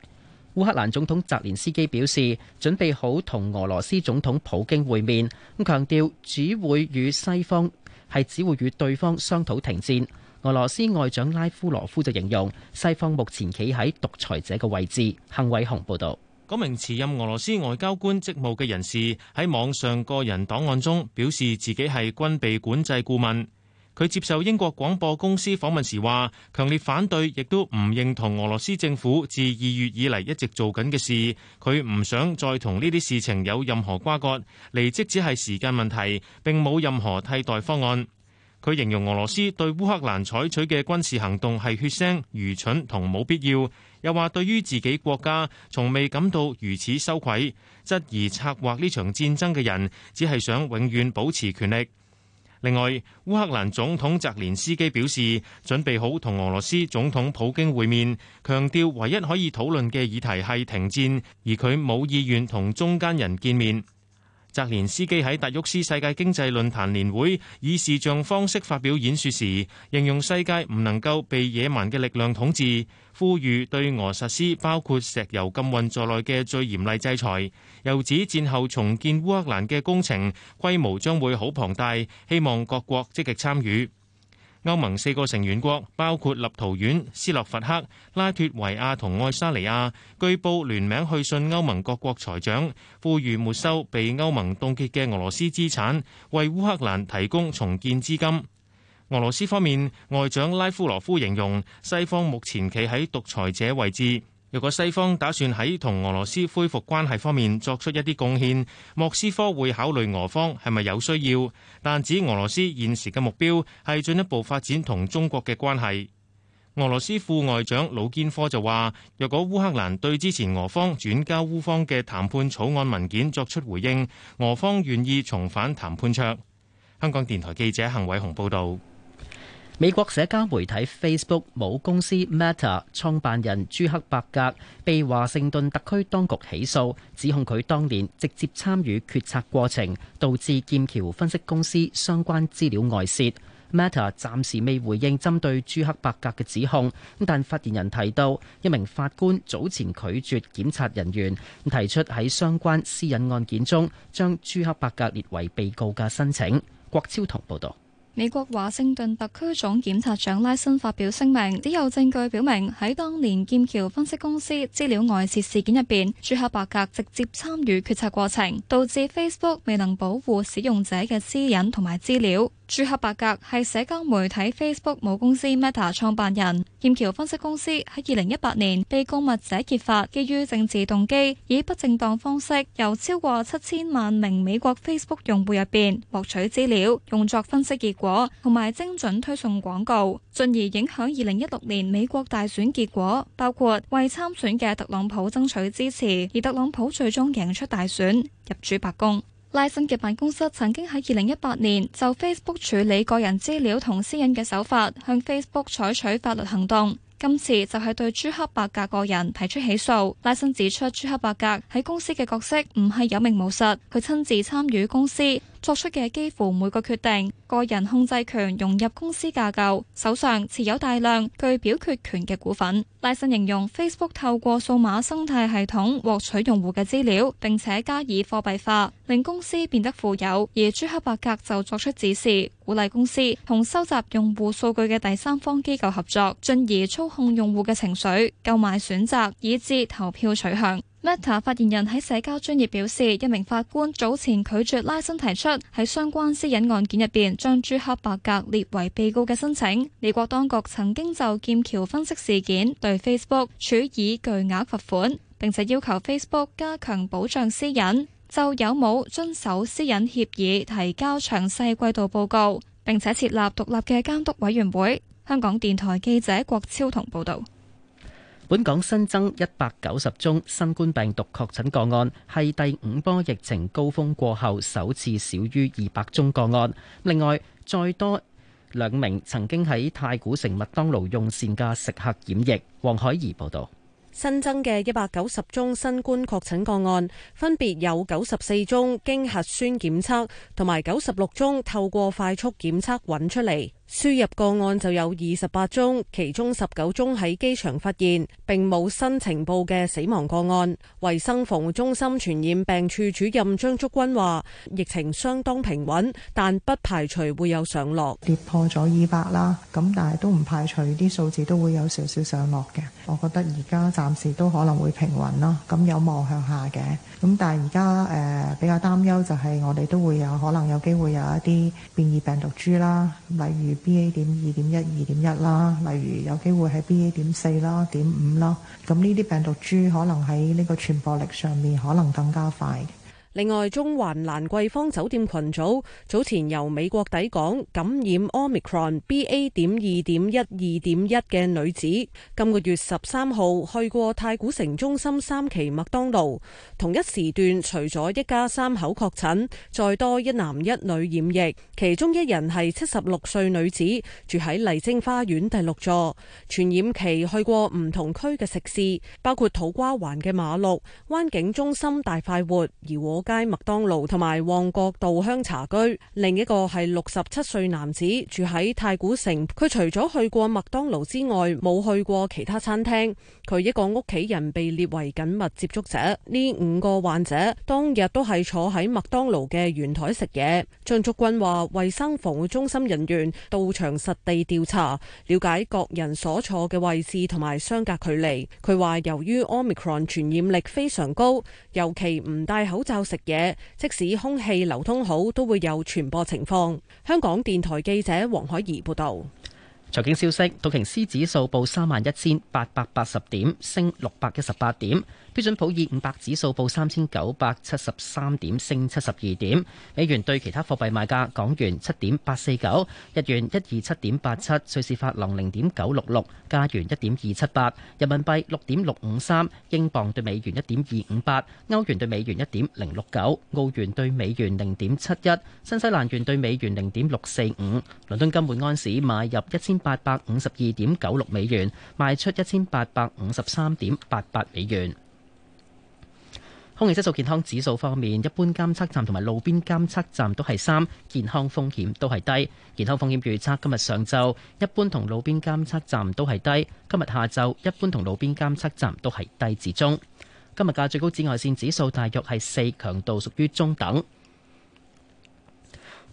烏克蘭總統澤連斯基表示，準備好同俄羅斯總統普京會面，咁強調只會與西方係只會與對方商討停戰。俄羅斯外長拉夫羅夫就形容西方目前企喺獨裁者嘅位置。幸偉雄報導，嗰名辭任俄羅斯外交官職務嘅人士喺網上個人檔案中表示自己係軍備管制顧問。佢接受英國廣播公司訪問時話，強烈反對，亦都唔認同俄羅斯政府自二月以嚟一直做緊嘅事。佢唔想再同呢啲事情有任何瓜葛，離職只係時間問題，並冇任何替代方案。佢形容俄羅斯對烏克蘭採取嘅軍事行動係血腥、愚蠢同冇必要，又話對於自己國家從未感到如此羞愧，質疑策劃呢場戰爭嘅人只係想永遠保持權力。另外，烏克蘭總統澤連斯基表示準備好同俄羅斯總統普京會面，強調唯一可以討論嘅議題係停戰，而佢冇意願同中間人見面。澤連斯基喺達沃斯世界經濟論壇年會以視像方式發表演說時，形容世界唔能夠被野蠻嘅力量統治，呼籲對俄實施包括石油禁運在內嘅最嚴厲制裁。又指戰後重建烏克蘭嘅工程規模將會好龐大，希望各國積極參與。歐盟四個成員國，包括立陶宛、斯洛伐克、拉脱維亞同愛沙尼亞，據報聯名去信歐盟各國財長，呼籲沒收被歐盟凍結嘅俄羅斯資產，為烏克蘭提供重建資金。俄羅斯方面，外長拉夫羅夫形容，西方目前企喺獨裁者位置。若果西方打算喺同俄羅斯恢復關係方面作出一啲貢獻，莫斯科會考慮俄方係咪有需要，但指俄羅斯現時嘅目標係進一步發展同中國嘅關係。俄羅斯副外長魯堅科就話，若果烏克蘭對之前俄方轉交烏方嘅談判草案文件作出回應，俄方願意重返談判桌。香港電台記者陳偉雄報道。美國社交媒體 Facebook 母公司 Meta 創辦人朱克伯格被華盛頓特區當局起訴，指控佢當年直接參與決策過程，導致劍橋分析公司相關資料外泄。Meta 暫時未回應針對朱克伯格嘅指控，但發言人提到，一名法官早前拒絕檢察人員提出喺相關私隱案件中將朱克伯格列為被告嘅申請。郭超同報道。美國華盛頓特區總檢察長拉森發表聲明，只有證據表明喺當年劍橋分析公司資料外泄事件入邊，朱克伯格直接參與決策過程，導致 Facebook 未能保護使用者嘅私隱同埋資料。朱克伯格係社交媒體 Facebook 母公司 Meta 創辦人。劍橋分析公司喺二零一八年被告密者揭發，基於政治動機，以不正當方式由超過七千萬名美國 Facebook 用戶入邊獲取資料，用作分析結果同埋精準推送廣告，進而影響二零一六年美國大選結果，包括為參選嘅特朗普爭取支持，而特朗普最終贏出大選，入主白宮。拉辛嘅辦公室曾經喺二零一八年就 Facebook 處理個人資料同私隱嘅手法，向 Facebook 採取法律行動。今次就係對朱克伯格個人提出起訴。拉辛指出，朱克伯格喺公司嘅角色唔係有名無實，佢親自參與公司作出嘅幾乎每個決定，個人控制權融入公司架構，手上持有大量具表決權嘅股份。拉申形容 Facebook 透過數碼生態系統獲取用戶嘅資料，並且加以貨幣化，令公司變得富有。而朱克伯格就作出指示，鼓勵公司同收集用戶數據嘅第三方機構合作，進而操控用戶嘅情緒、購買選擇、以致投票取向。Meta 發言人喺社交專頁表示，一名法官早前拒絕拉森提出喺相關私隱案件入邊將朱克伯格列為被告嘅申請。美國當局曾經就劍橋分析事件對 Facebook 處以巨額罰款，並且要求 Facebook 加強保障私隱，就有冇遵守私隱協議、提交詳細季度報告，並且設立獨立嘅監督委員會。香港電台記者郭超同報導。本港新增一百九十宗新冠病毒確診個案，係第五波疫情高峰過後首次少於二百宗個案。另外，再多兩名曾經喺太古城麥當勞用膳嘅食客染疫。黃海怡報道，新增嘅一百九十宗新冠確診個案，分別有九十四宗經核酸檢測，同埋九十六宗透過快速檢測揾出嚟。輸入個案就有二十八宗，其中十九宗喺機場發現，並冇新情報嘅死亡個案。衛生防護中心傳染病處主任張竹君話：疫情相當平穩，但不排除會有上落，跌破咗二百啦。咁但係都唔排除啲數字都會有少少上落嘅。我覺得而家暫時都可能會平穩囉，咁有望向下嘅。咁但係而家誒比較擔憂就係我哋都會有可能有機會有一啲變異病毒株啦，例如 BA 點二點一二點一啦，例如有機會係 BA 點四啦、點五啦，咁呢啲病毒株可能喺呢個傳播力上面可能更加快。另外，中環蘭桂坊酒店群組早前由美國抵港感染 Omicron BA. 點二點一二點一嘅女子，今個月十三號去過太古城中心三期麥當勞。同一時段，除咗一家三口確診，再多一男一女染疫，其中一人係七十六歲女子，住喺麗晶花園第六座。傳染期去過唔同區嘅食肆，包括土瓜灣嘅馬六、灣景中心大快活、而我街麥當勞同埋旺角稻香茶居，另一個係六十七歲男子住喺太古城，佢除咗去過麥當勞之外，冇去過其他餐廳。佢一個屋企人被列為緊密接觸者。呢五個患者當日都係坐喺麥當勞嘅圓台食嘢。張竹君話，衛生防護中心人員到場實地調查，了解各人所坐嘅位置同埋相隔距離。佢話由於 Omicron 傳染力非常高，尤其唔戴口罩。食嘢，即使空氣流通好，都會有傳播情況。香港電台記者黃海怡報道。財經消息，道瓊斯指數報三萬一千八百八十點，升六百一十八點。標準普爾五百指數報三千九百七十三點，升七十二點。美元對其他貨幣賣價：港元七點八四九，日元一二七點八七，瑞士法郎零點九六六，加元一點二七八，人民幣六點六五三，英鎊兌美元一點二五八，歐元兌美元一點零六九，澳元兌美元零點七一，新西蘭元兌美元零點六四五。倫敦金每安士買入一千八百五十二點九六美元，賣出一千八百五十三點八八美元。空氣質素健康指數方面，一般監測站同埋路邊監測站都係三，健康風險都係低。健康風險預測今日上晝一般同路邊監測站都係低，今日下晝一般同路邊監測站都係低至中。今日嘅最高紫外線指數大約係四，強度屬於中等。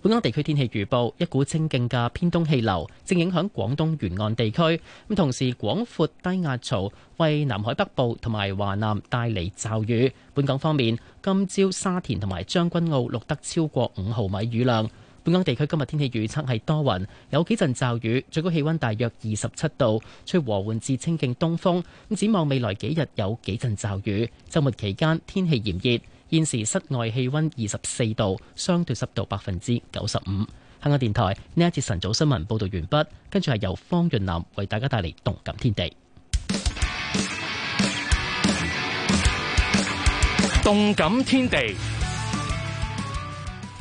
本港地區天氣預報，一股清勁嘅偏東氣流正影響廣東沿岸地區，咁同時廣闊低壓槽為南海北部同埋華南帶嚟驟雨。本港方面，今朝沙田同埋將軍澳錄得超過五毫米雨量。本港地區今日天氣預測係多雲，有幾陣驟雨，最高氣溫大約二十七度，吹和緩至清勁東風，咁展望未來幾日有幾陣驟雨，週末期間天氣炎熱。現時室外氣溫二十四度，相對濕度百分之九十五。香港電台呢一節晨早新聞報道完畢，跟住係由方潤南為大家帶嚟動感天地。動感天地。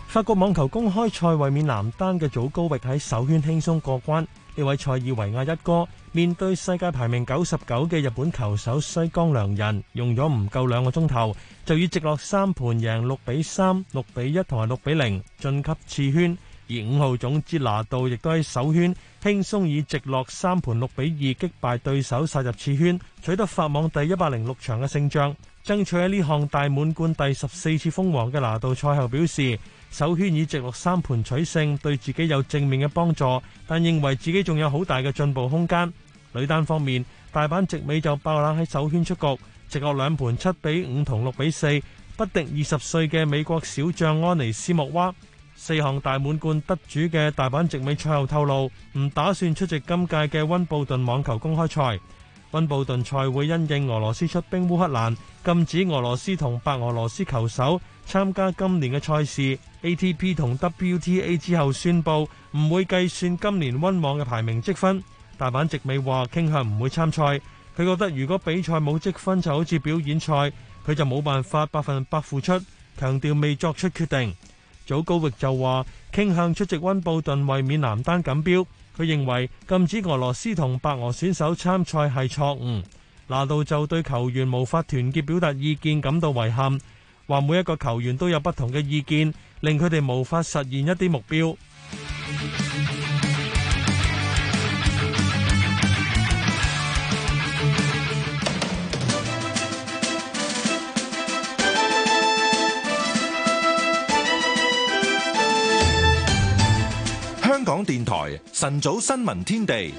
法國網球公開賽衛冕男單嘅早高域喺首圈輕鬆過關，呢位塞爾維亞一哥。面對世界排名九十九嘅日本球手西江良仁，用咗唔夠兩個鐘頭，就以直落三盤贏六比三、六比一同埋六比零晉級次圈。而五號種子拿杜亦都喺首圈輕鬆以直落三盤六比二擊敗對手殺入次圈，取得法網第一百零六場嘅勝仗。爭取喺呢項大滿貫第十四次封王嘅拿杜賽後表示，首圈以直落三盤取勝對自己有正面嘅幫助，但認為自己仲有好大嘅進步空間。女單方面，大阪直美就爆冷喺首圈出局，直落兩盤七比五同六比四不敵二十歲嘅美國小將安妮斯莫娃。四項大滿貫得主嘅大阪直美賽後透露，唔打算出席今屆嘅溫布頓網球公開賽。溫布頓賽會因應俄羅斯出兵烏克蘭，禁止俄羅斯同白俄羅斯球手參加今年嘅賽事。ATP 同 WTA 之後宣佈，唔會計算今年溫網嘅排名積分。大阪直美話傾向唔會參賽，佢覺得如果比賽冇積分就好似表演賽，佢就冇辦法百分百付出。強調未作出決定。祖高域就話傾向出席温布頓衛冕男單錦標，佢認為禁止俄羅斯同白俄選手參賽係錯誤。拿度就對球員無法團結表達意見感到遺憾，話每一個球員都有不同嘅意見，令佢哋無法實現一啲目標。電台晨早新聞天地，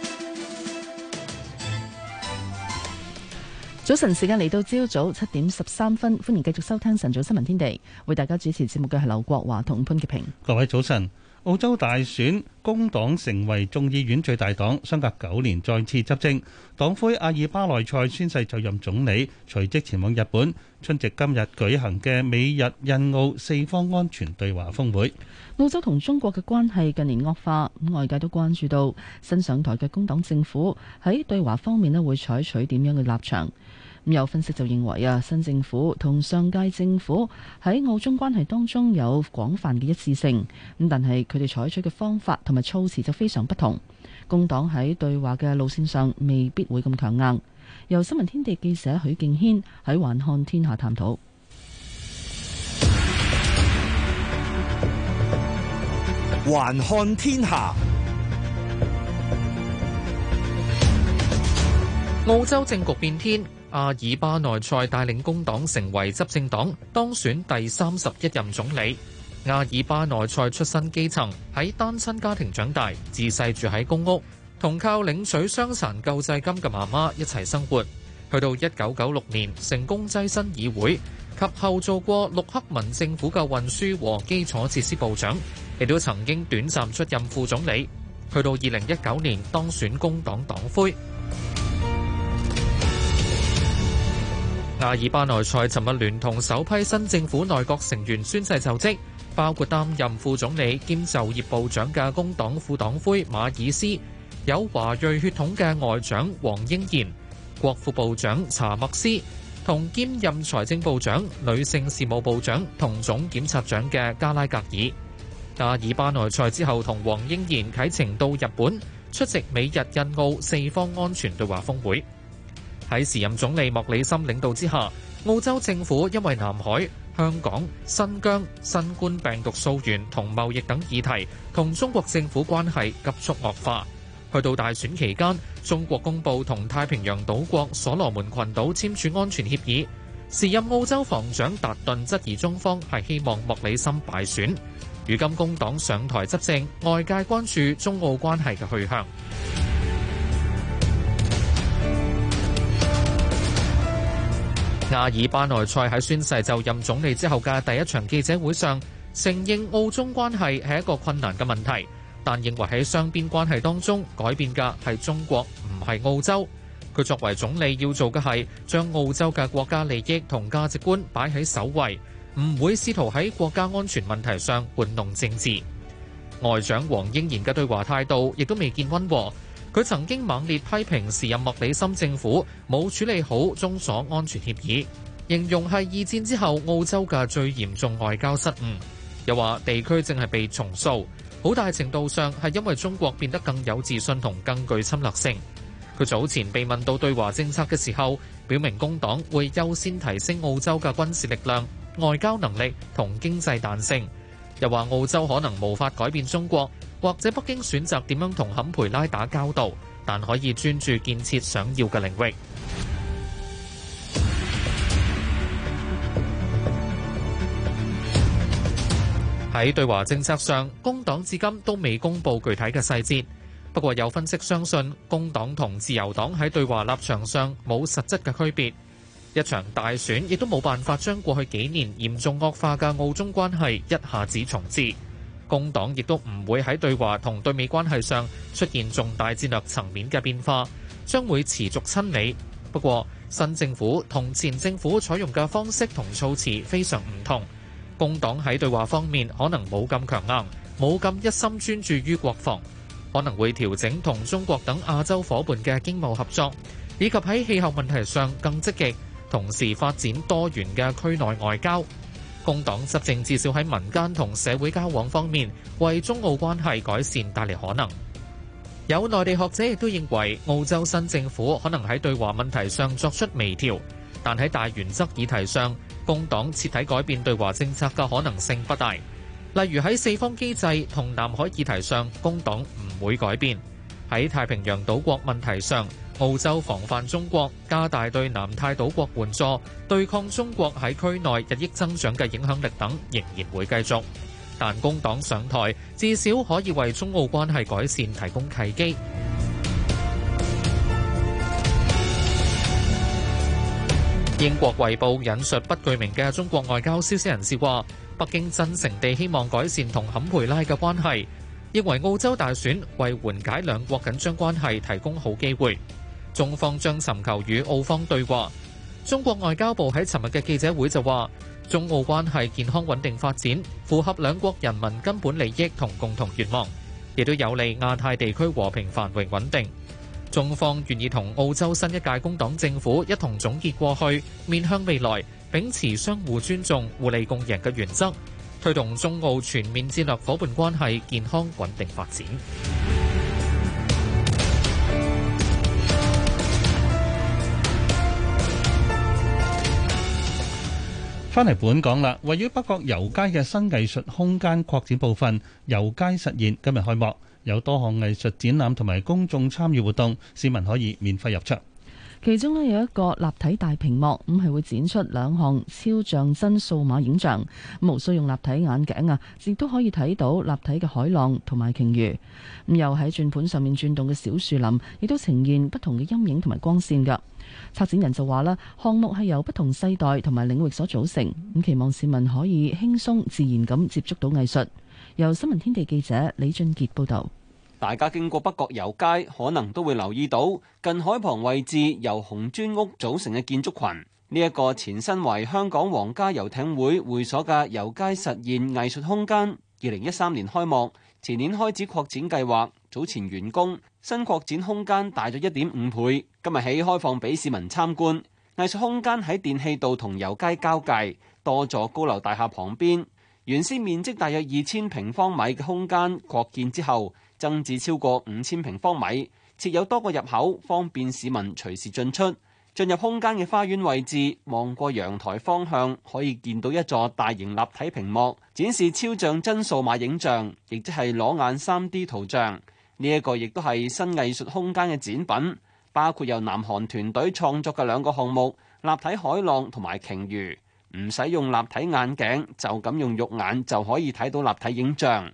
早晨時間嚟到朝早七點十三分，歡迎繼續收聽晨早新聞天地，為大家主持節目嘅係劉國華同潘潔平。各位早晨。澳洲大選，工黨成為眾議院最大黨，相隔九年再次執政。黨魁阿爾巴內塞宣誓就任總理，隨即前往日本出席今日舉行嘅美日印澳四方安全對話峰會。澳洲同中國嘅關係近年惡化，外界都關注到新上台嘅工黨政府喺對華方面咧會採取點樣嘅立場。有分析就認為啊，新政府同上屆政府喺澳中關係當中有廣泛嘅一致性，咁但係佢哋採取嘅方法同埋措辭就非常不同。工黨喺對話嘅路線上未必會咁強硬。由新聞天地記者許敬軒喺《環看天下探討》探討，《環看天下》澳洲政局變天。阿爾巴內塞帶領工黨成為執政黨，當選第三十一任總理。阿爾巴內塞出身基層，喺單親家庭長大，自細住喺公屋，同靠領取傷殘救濟金嘅媽媽一齊生活。去到一九九六年成功躋身議會，及後做過陸克文政府嘅運輸和基礎設施部長，亦都曾經短暫出任副總理。去到二零一九年當選工黨黨魁。阿爾巴內塞尋日聯同首批新政府內閣成員宣誓就職，包括擔任副總理兼就業部長嘅工黨副黨魁馬爾斯，有華裔血統嘅外長黃英賢，國庫部長查默斯，同兼任財政部長、女性事務部長同總檢察長嘅加拉格爾。阿爾巴內塞之後同黃英賢啟程到日本出席美日印澳四方安全對話峰會。喺時任總理莫里森領導之下，澳洲政府因為南海、香港、新疆、新冠病毒溯源同貿易等議題，同中國政府關係急速惡化。去到大選期間，中國公佈同太平洋島國所羅門群島簽署安全協議。時任澳洲防長達頓質疑中方係希望莫里森敗選。如今工黨上台執政，外界關注中澳關係嘅去向。阿爾巴內塞喺宣誓就任總理之後嘅第一場記者會上，承認澳中關係係一個困難嘅問題，但認為喺雙邊關係當中改變嘅係中國，唔係澳洲。佢作為總理要做嘅係將澳洲嘅國家利益同價值觀擺喺首位，唔會試圖喺國家安全問題上玩弄政治。外長黃英賢嘅對華態度亦都未見溫和。佢曾經猛烈批評時任莫里森政府冇處理好中所安全協議，形容係二戰之後澳洲嘅最嚴重外交失誤。又話地區正係被重塑，好大程度上係因為中國變得更有自信同更具侵略性。佢早前被問到對華政策嘅時候，表明工黨會優先提升澳洲嘅軍事力量、外交能力同經濟彈性。又話澳洲可能無法改變中國，或者北京選擇點樣同坎培拉打交道，但可以專注建設想要嘅領域。喺 對華政策上，工黨至今都未公布具體嘅細節。不過有分析相信，工黨同自由黨喺對華立場上冇實質嘅區別。一場大選亦都冇辦法將過去幾年嚴重惡化嘅澳中關係一下子重置。工黨亦都唔會喺對華同對美關係上出現重大戰略層面嘅變化，將會持續親美。不過，新政府同前政府採用嘅方式同措辭非常唔同。工黨喺對話方面可能冇咁強硬，冇咁一心專注於國防，可能會調整同中國等亞洲伙伴嘅經貿合作，以及喺氣候問題上更積極。同時發展多元嘅區內外交，工黨執政至少喺民間同社會交往方面，為中澳關係改善帶嚟可能。有內地學者亦都認為，澳洲新政府可能喺對華問題上作出微調，但喺大原則議題上，工黨徹底改變對華政策嘅可能性不大。例如喺四方機制同南海議題上，工黨唔會改變；喺太平洋島國問題上，澳洲防範中國，加大對南太島國援助，對抗中國喺區內日益增長嘅影響力等，仍然會繼續。但工黨上台，至少可以為中澳關係改善提供契機。英國《衛報》引述不具名嘅中國外交消息人士話，北京真誠地希望改善同坎培拉嘅關係，認為澳洲大選為緩解兩國緊張關係提供好機會。中方將尋求與澳方對話。中國外交部喺尋日嘅記者會就話，中澳關係健康穩定發展符合兩國人民根本利益同共同願望，亦都有利亞太地區和平繁榮穩定。中方願意同澳洲新一屆工黨政府一同總結過去，面向未來，秉持相互尊重、互利共贏嘅原則，推動中澳全面戰略夥伴關係健康穩定發展。翻嚟本港啦，位於北角油街嘅新藝術空間擴展部分油街實現今日開幕，有多項藝術展覽同埋公眾參與活動，市民可以免費入場。其中呢有一個立體大屏幕，咁係會展出兩項超像真數碼影像，咁無需用立體眼鏡啊，亦都可以睇到立體嘅海浪同埋鯨魚。又喺轉盤上面轉動嘅小樹林，亦都呈現不同嘅陰影同埋光線㗎。策展人就話啦，項目係由不同世代同埋領域所組成，咁期望市民可以輕鬆自然咁接觸到藝術。由新聞天地記者李俊傑報道。大家經過北角油街，可能都會留意到近海旁位置由紅磚屋組成嘅建築群。呢一個前身為香港皇家遊艇會會所嘅油街實現藝術空間，二零一三年開幕，前年開始擴展計劃。早前完工，新擴展空間大咗一點五倍。今日起開放俾市民參觀。藝術空間喺電氣道同油街交界，多座高樓大廈旁邊。原先面積大約二千平方米嘅空間擴建之後，增至超過五千平方米，設有多個入口，方便市民隨時進出。進入空間嘅花園位置，望過陽台方向，可以見到一座大型立體屏幕，展示超像真數碼影像，亦即係裸眼三 D 圖像。呢一個亦都係新藝術空間嘅展品，包括由南韓團隊創作嘅兩個項目《立體海浪》同埋《鯨魚》，唔使用立體眼鏡就咁用肉眼就可以睇到立體影像。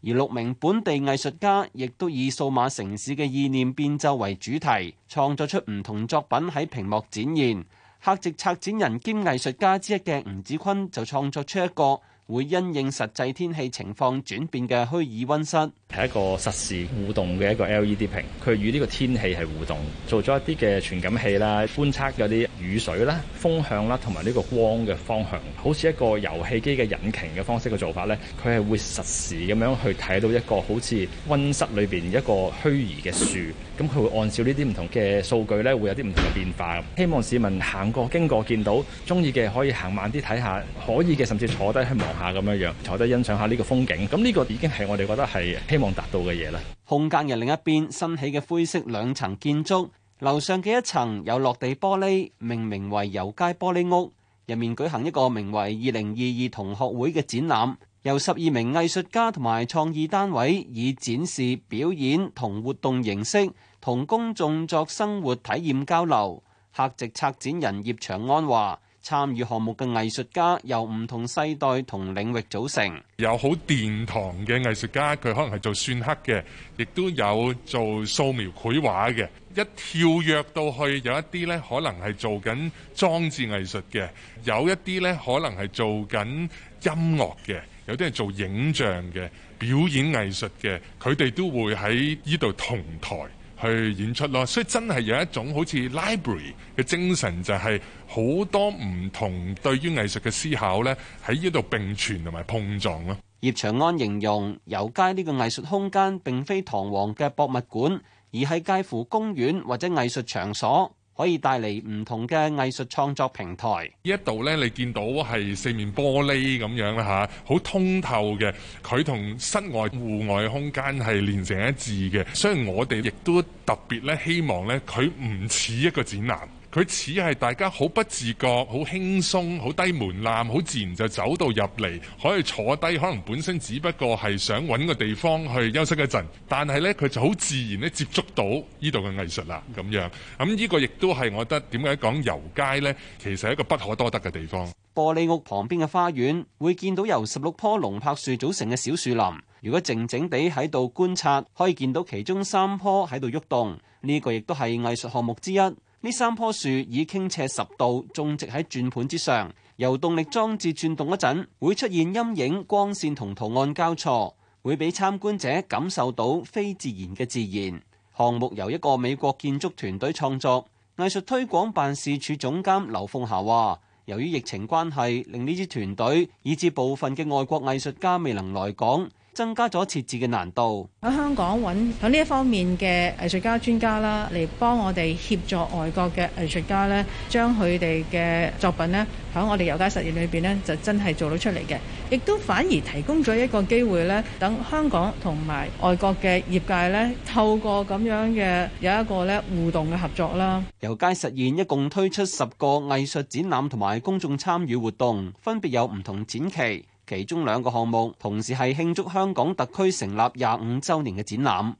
而六名本地藝術家亦都以數碼城市嘅意念變奏為主題，創作出唔同作品喺屏幕展現。客席策展人兼藝術家之一嘅吳子坤就創作出一個會因應實際天氣情況轉變嘅虛擬溫室，係一個實時互動嘅一個 LED 屏，佢與呢個天氣係互動，做咗一啲嘅傳感器啦、觀測嗰啲雨水啦、風向啦，同埋呢個光嘅方向，好似一個遊戲機嘅引擎嘅方式嘅做法呢，佢係會實時咁樣去睇到一個好似溫室裏邊一個虛擬嘅樹，咁佢會按照呢啲唔同嘅數據呢，會有啲唔同嘅變化。希望市民行過經過見到中意嘅，可以行慢啲睇下，可以嘅甚至坐低去望。下咁樣樣坐低欣賞下呢個風景，咁呢個已經係我哋覺得係希望達到嘅嘢啦。空間嘅另一邊，新起嘅灰色兩層建築，樓上嘅一層有落地玻璃，命名為遊街玻璃屋，入面舉行一個名為二零二二同學會嘅展覽，由十二名藝術家同埋創意單位以展示、表演同活動形式，同公眾作生活體驗交流。客席策展人葉長安話。參與項目嘅藝術家由唔同世代同領域組成，有好殿堂嘅藝術家，佢可能係做篆刻嘅，亦都有做素描繪畫嘅，一跳躍到去有一啲呢可能係做緊裝置藝術嘅，有一啲呢可能係做緊音樂嘅，有啲係做影像嘅、表演藝術嘅，佢哋都會喺呢度同台去演出咯，所以真係有一種好似 library 嘅精神，就係好多唔同對於藝術嘅思考咧，喺呢度並存同埋碰撞咯。葉長安形容游街呢個藝術空間並非堂皇嘅博物館，而係介乎公園或者藝術場所。可以帶嚟唔同嘅藝術創作平台。呢一度咧，你見到係四面玻璃咁樣啦嚇，好通透嘅。佢同室外戶外空間係連成一致嘅，所以我哋亦都特別咧希望咧，佢唔似一個展覽。佢似係大家好不自覺，好輕鬆，好低門檻，好自然就走到入嚟，可以坐低。可能本身只不過係想搵個地方去休息一陣，但係咧，佢就好自然咧接觸到呢度嘅藝術啦。咁樣咁呢、嗯這個亦都係我覺得點解講遊街呢？其實係一個不可多得嘅地方。玻璃屋旁邊嘅花園會見到由十六棵龍柏樹組成嘅小樹林。如果靜靜地喺度觀察，可以見到其中三棵喺度喐動。呢、這個亦都係藝術項目之一。呢三棵樹已傾斜十度，種植喺轉盤之上。由動力裝置轉動嗰陣，會出現陰影、光線同圖案交錯，會俾參觀者感受到非自然嘅自然。項目由一個美國建築團隊創作。藝術推廣辦事處總監劉鳳霞話，由於疫情關係，令呢支團隊以至部分嘅外國藝術家未能來港，增加咗設置嘅難度。喺香港揾喺呢一方面嘅藝術家專家啦，嚟幫我哋協助外國嘅藝術家咧，將佢哋嘅作品咧喺我哋遊街實驗裏邊咧，就真係做到出嚟嘅，亦都反而提供咗一個機會咧，等香港同埋外國嘅業界咧，透過咁樣嘅有一個咧互動嘅合作啦。遊街實驗一共推出十個藝術展覽同埋公眾參與活動，分別有唔同展期。其中兩個項目同時係慶祝香港特區成立廿五週年嘅展覽。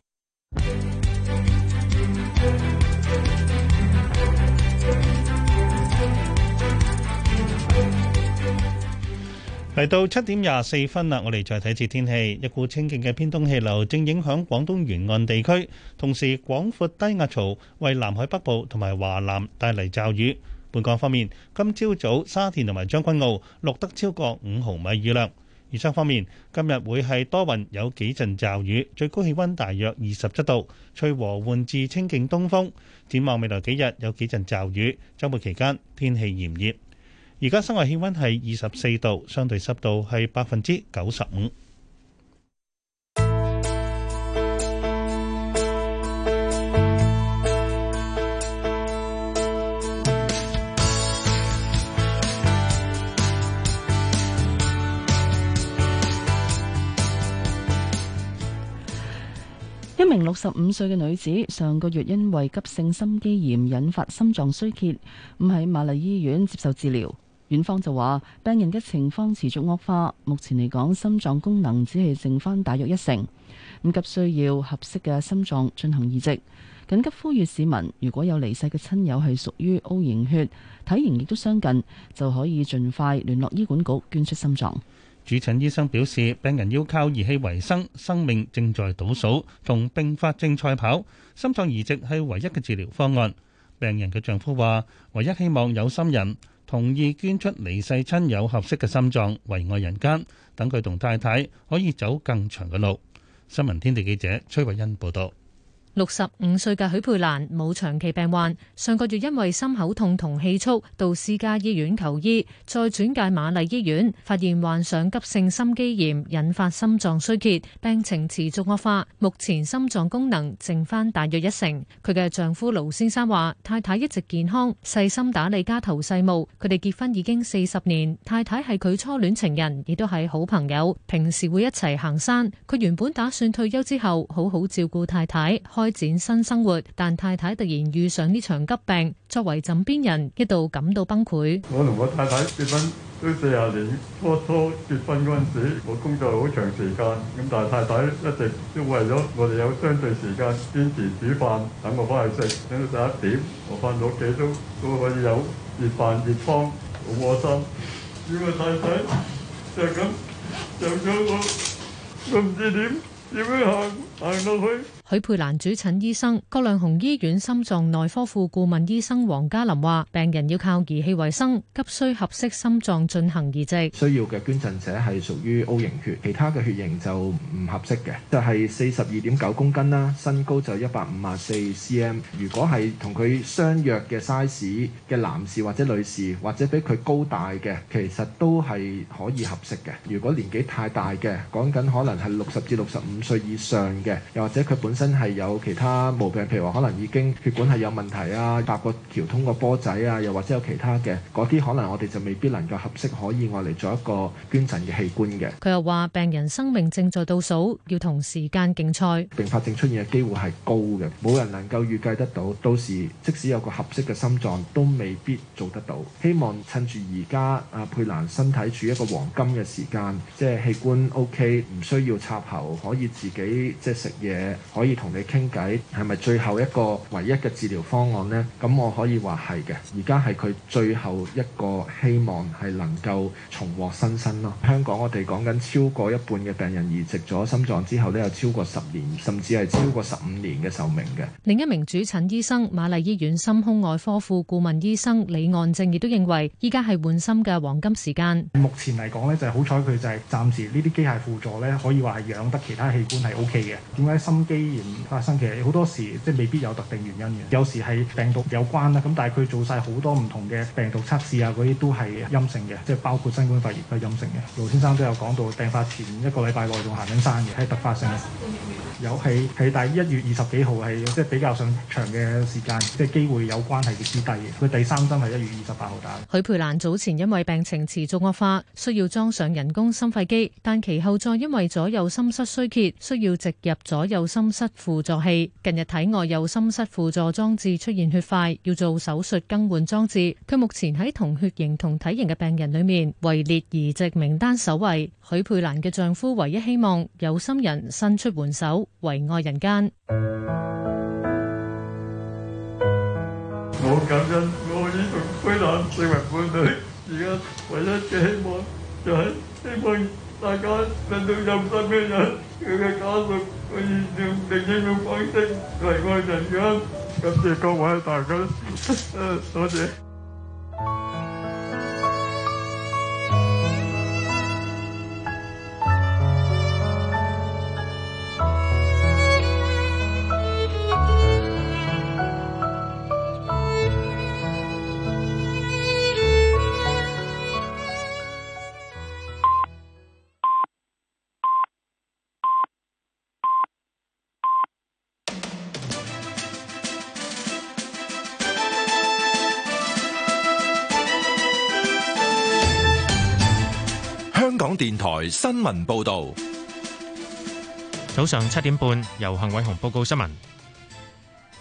嚟到七點廿四分啦，我哋再睇次天氣。一股清勁嘅偏東氣流正影響廣東沿岸地區，同時廣闊低壓槽為南海北部同埋華南帶嚟驟雨。本港方面，今朝早沙田同埋將軍澳錄得超過五毫米雨量。預測方面，今日會係多雲，有幾陣驟雨，最高氣温大約二十七度，吹和緩至清勁東風。展望未來幾日有幾陣驟雨，週末期間天氣炎熱。而家室外氣温係二十四度，相對濕度係百分之九十五。一名六十五歲嘅女子上個月因為急性心肌炎引發心臟衰竭，咁喺瑪麗醫院接受治療。院方就話，病人嘅情況持續惡化，目前嚟講心臟功能只係剩翻大約一成，咁急需要合適嘅心臟進行移植。緊急呼籲市民，如果有離世嘅親友係屬於 O 型血，體型亦都相近，就可以盡快聯絡醫管局捐出心臟。主診醫生表示，病人要靠儀器維生，生命正在倒數，同併發症賽跑，心臟移植係唯一嘅治療方案。病人嘅丈夫話，唯一希望有心人同意捐出離世親友合適嘅心臟，為愛人間，等佢同太太可以走更長嘅路。新聞天地記者崔慧欣報道。六十五歲嘅許佩蘭冇長期病患，上個月因為心口痛同氣促到私家醫院求醫，再轉介瑪麗醫院，發現患上急性心肌炎，引發心臟衰竭，病情持續惡化，目前心臟功能剩翻大約一成。佢嘅丈夫盧先生話：太太一直健康，細心打理家頭細務。佢哋結婚已經四十年，太太係佢初戀情人，亦都係好朋友。平時會一齊行山。佢原本打算退休之後好好照顧太太。開開展新生活，但太太突然遇上呢場急病，作為枕邊人一度感到崩潰。我同我太太結婚都四十年，初初結婚嗰陣時，我工作好長時間，咁但係太太一直都為咗我哋有相對時間，堅持煮飯等我翻去食，等到十一點，我翻到屋企都可以有熱飯熱湯，好窩心。如果太太就咁就咁，我唔知點點樣行到去。許佩蘭主診醫生、葛量洪醫院心臟內科副顧問醫生黃嘉林話，病人要靠儀器維生，急需合適心臟進行移植。需要嘅捐贈者係屬於 O 型血，其他嘅血型就唔合適嘅。就係四十二點九公斤啦，身高就一百五啊四 cm。如果係同佢相約嘅 size 嘅男士或者女士，或者比佢高大嘅，其實都係可以合適嘅。如果年紀太大嘅，講緊可能係六十至六十五歲以上嘅，又或者佢本身。真係有其他毛病，譬如話可能已經血管係有問題啊，搭個橋通個波仔啊，又或者有其他嘅嗰啲，可能我哋就未必能夠合適可以我嚟做一個捐贈嘅器官嘅。佢又話病人生命正在倒數，要同時間競賽，並發症出現嘅機會係高嘅，冇人能夠預計得到。到時即使有個合適嘅心臟都未必做得到。希望趁住而家阿佩蘭身體處於一個黃金嘅時間，即係器官 OK，唔需要插喉，可以自己即係食嘢，可以。可以同你傾偈，係咪最後一個唯一嘅治療方案呢？咁我可以話係嘅。而家係佢最後一個希望係能夠重獲新生咯。香港我哋講緊超過一半嘅病人移植咗心臟之後咧，有超過十年甚至係超過十五年嘅壽命嘅。另一名主診醫生瑪麗醫院心胸外科副顧問醫生李岸正亦都認為，依家係換心嘅黃金時間。目前嚟講呢，就係好彩佢就係暫時呢啲機械輔助呢可以話係養得其他器官係 O K 嘅。點解心肌？發生嘅好多時即係未必有特定原因嘅，有時係病毒有關啦。咁但係佢做晒好多唔同嘅病毒測試啊，嗰啲都係陰性嘅，即係包括新冠肺炎都係陰性嘅。盧先生都有講到，病發前一個禮拜內仲行緊山嘅，係特發性嘅。有喺喺第一月二十幾號係即係比較上長嘅時間，即係機會有關係嘅之低嘅。佢第三針係一月二十八號打。許培蘭早前因為病情持續惡化，需要裝上人工心肺機，但其後再因為左右心室衰竭，需要植入左右心室。輔助器近日體外右心室輔助裝置出現血塊，要做手術更換裝置。佢目前喺同血型同體型嘅病人裏面位列移植名單首位。許佩蘭嘅丈夫唯一希望有心人伸出援手，為愛人間。我感恩，我已同佩蘭成為伴侶，而家唯一嘅希望就係希望。大家令到任何一人，佢嘅家屬可以用另一種方式嚟愛人嘅，感謝各位大家，家家大家 多謝。電台新聞報道，早上七點半由幸偉雄報告新聞。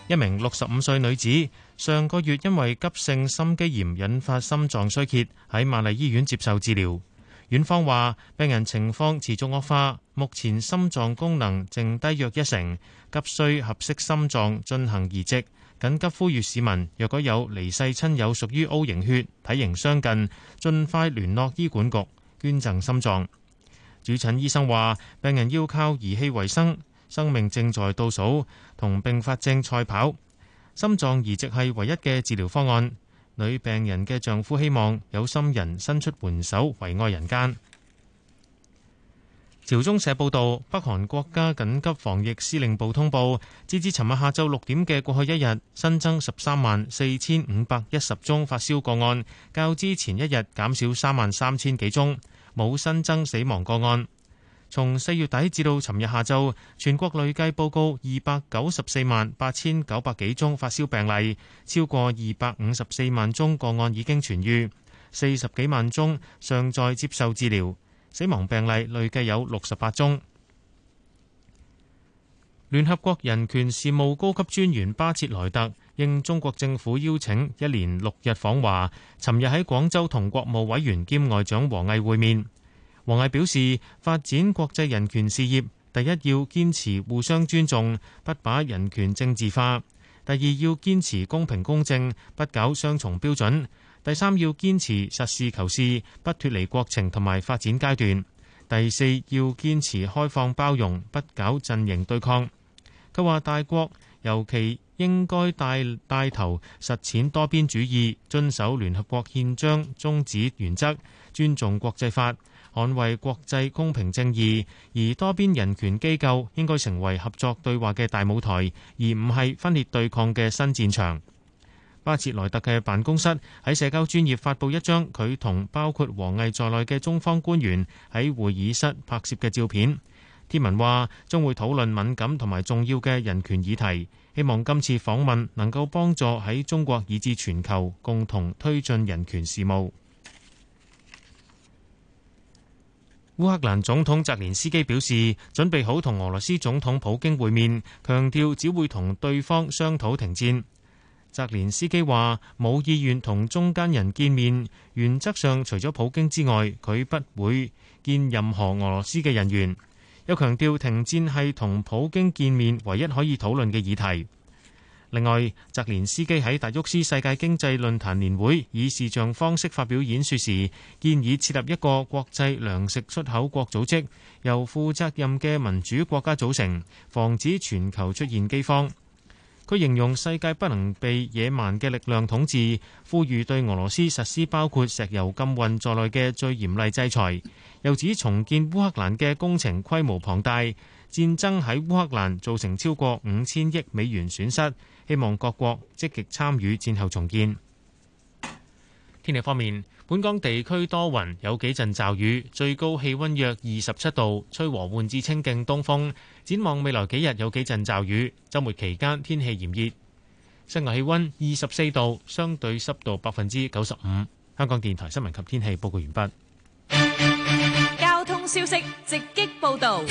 一名六十五歲女子上個月因為急性心肌炎引發心臟衰竭，喺瑪麗醫院接受治療。院方話，病人情況持續惡化，目前心臟功能淨低約一成，急需合適心臟進行移植。緊急呼籲市民，若果有離世親友屬於 O 型血、體型相近，盡快聯絡醫管局。捐贈心臟，主診醫生話：病人要靠儀器維生，生命正在倒數，同並發症賽跑。心臟移植係唯一嘅治療方案。女病人嘅丈夫希望有心人伸出援手，為愛人間。朝中社報道，北韓國家緊急防疫司令部通報，截至尋日下晝六點嘅過去一日，新增十三萬四千五百一十宗發燒個案，較之前一日減少三萬三千幾宗，冇新增死亡個案。從四月底至到尋日下晝，全國累計報告二百九十四萬八千九百幾宗發燒病例，超過二百五十四萬宗個案已經痊癒，四十幾萬宗尚在接受治療。死亡病例累計有六十八宗。聯合國人權事務高級專員巴切萊特應中國政府邀請，一連六日訪華。尋日喺廣州同國務委員兼外長王毅會面。王毅表示，發展國際人權事業，第一要堅持互相尊重，不把人權政治化；第二要堅持公平公正，不搞雙重標準。第三，要堅持實事求是，不脫離國情同埋發展階段。第四，要堅持開放包容，不搞陣營對抗。佢話：大國尤其應該帶帶頭實踐多邊主義，遵守聯合國憲章宗旨原則，尊重國際法，捍衛國際公平正義。而多邊人權機構應該成為合作對話嘅大舞台，而唔係分裂對抗嘅新戰場。巴切萊特嘅辦公室喺社交專業發布一張佢同包括王毅在內嘅中方官員喺會議室拍攝嘅照片。貼文話將會討論敏感同埋重要嘅人權議題，希望今次訪問能夠幫助喺中國以至全球共同推進人權事務。烏克蘭總統澤連斯基表示準備好同俄羅斯總統普京會面，強調只會同對方商討停戰。澤連斯基話冇意願同中間人見面，原則上除咗普京之外，佢不會見任何俄羅斯嘅人員。又強調停戰係同普京見面唯一可以討論嘅議題。另外，澤連斯基喺達沃斯世界經濟論壇年會以視像方式發表演說時，建議設立一個國際糧食出口國組織，由負責任嘅民主國家組成，防止全球出現饑荒。佢形容世界不能被野蠻嘅力量統治，呼籲對俄羅斯實施包括石油禁運在內嘅最嚴厲制裁，又指重建烏克蘭嘅工程規模龐大，戰爭喺烏克蘭造成超過五千億美元損失，希望各國積極參與戰後重建。天氣方面，本港地區多雲，有幾陣驟雨，最高氣溫約二十七度，吹和緩至清勁東風。展望未來幾日有幾陣驟雨，周末期間天氣炎熱，室外氣溫二十四度，相對濕度百分之九十五。嗯、香港電台新聞及天氣報告完畢。交通消息直擊報道。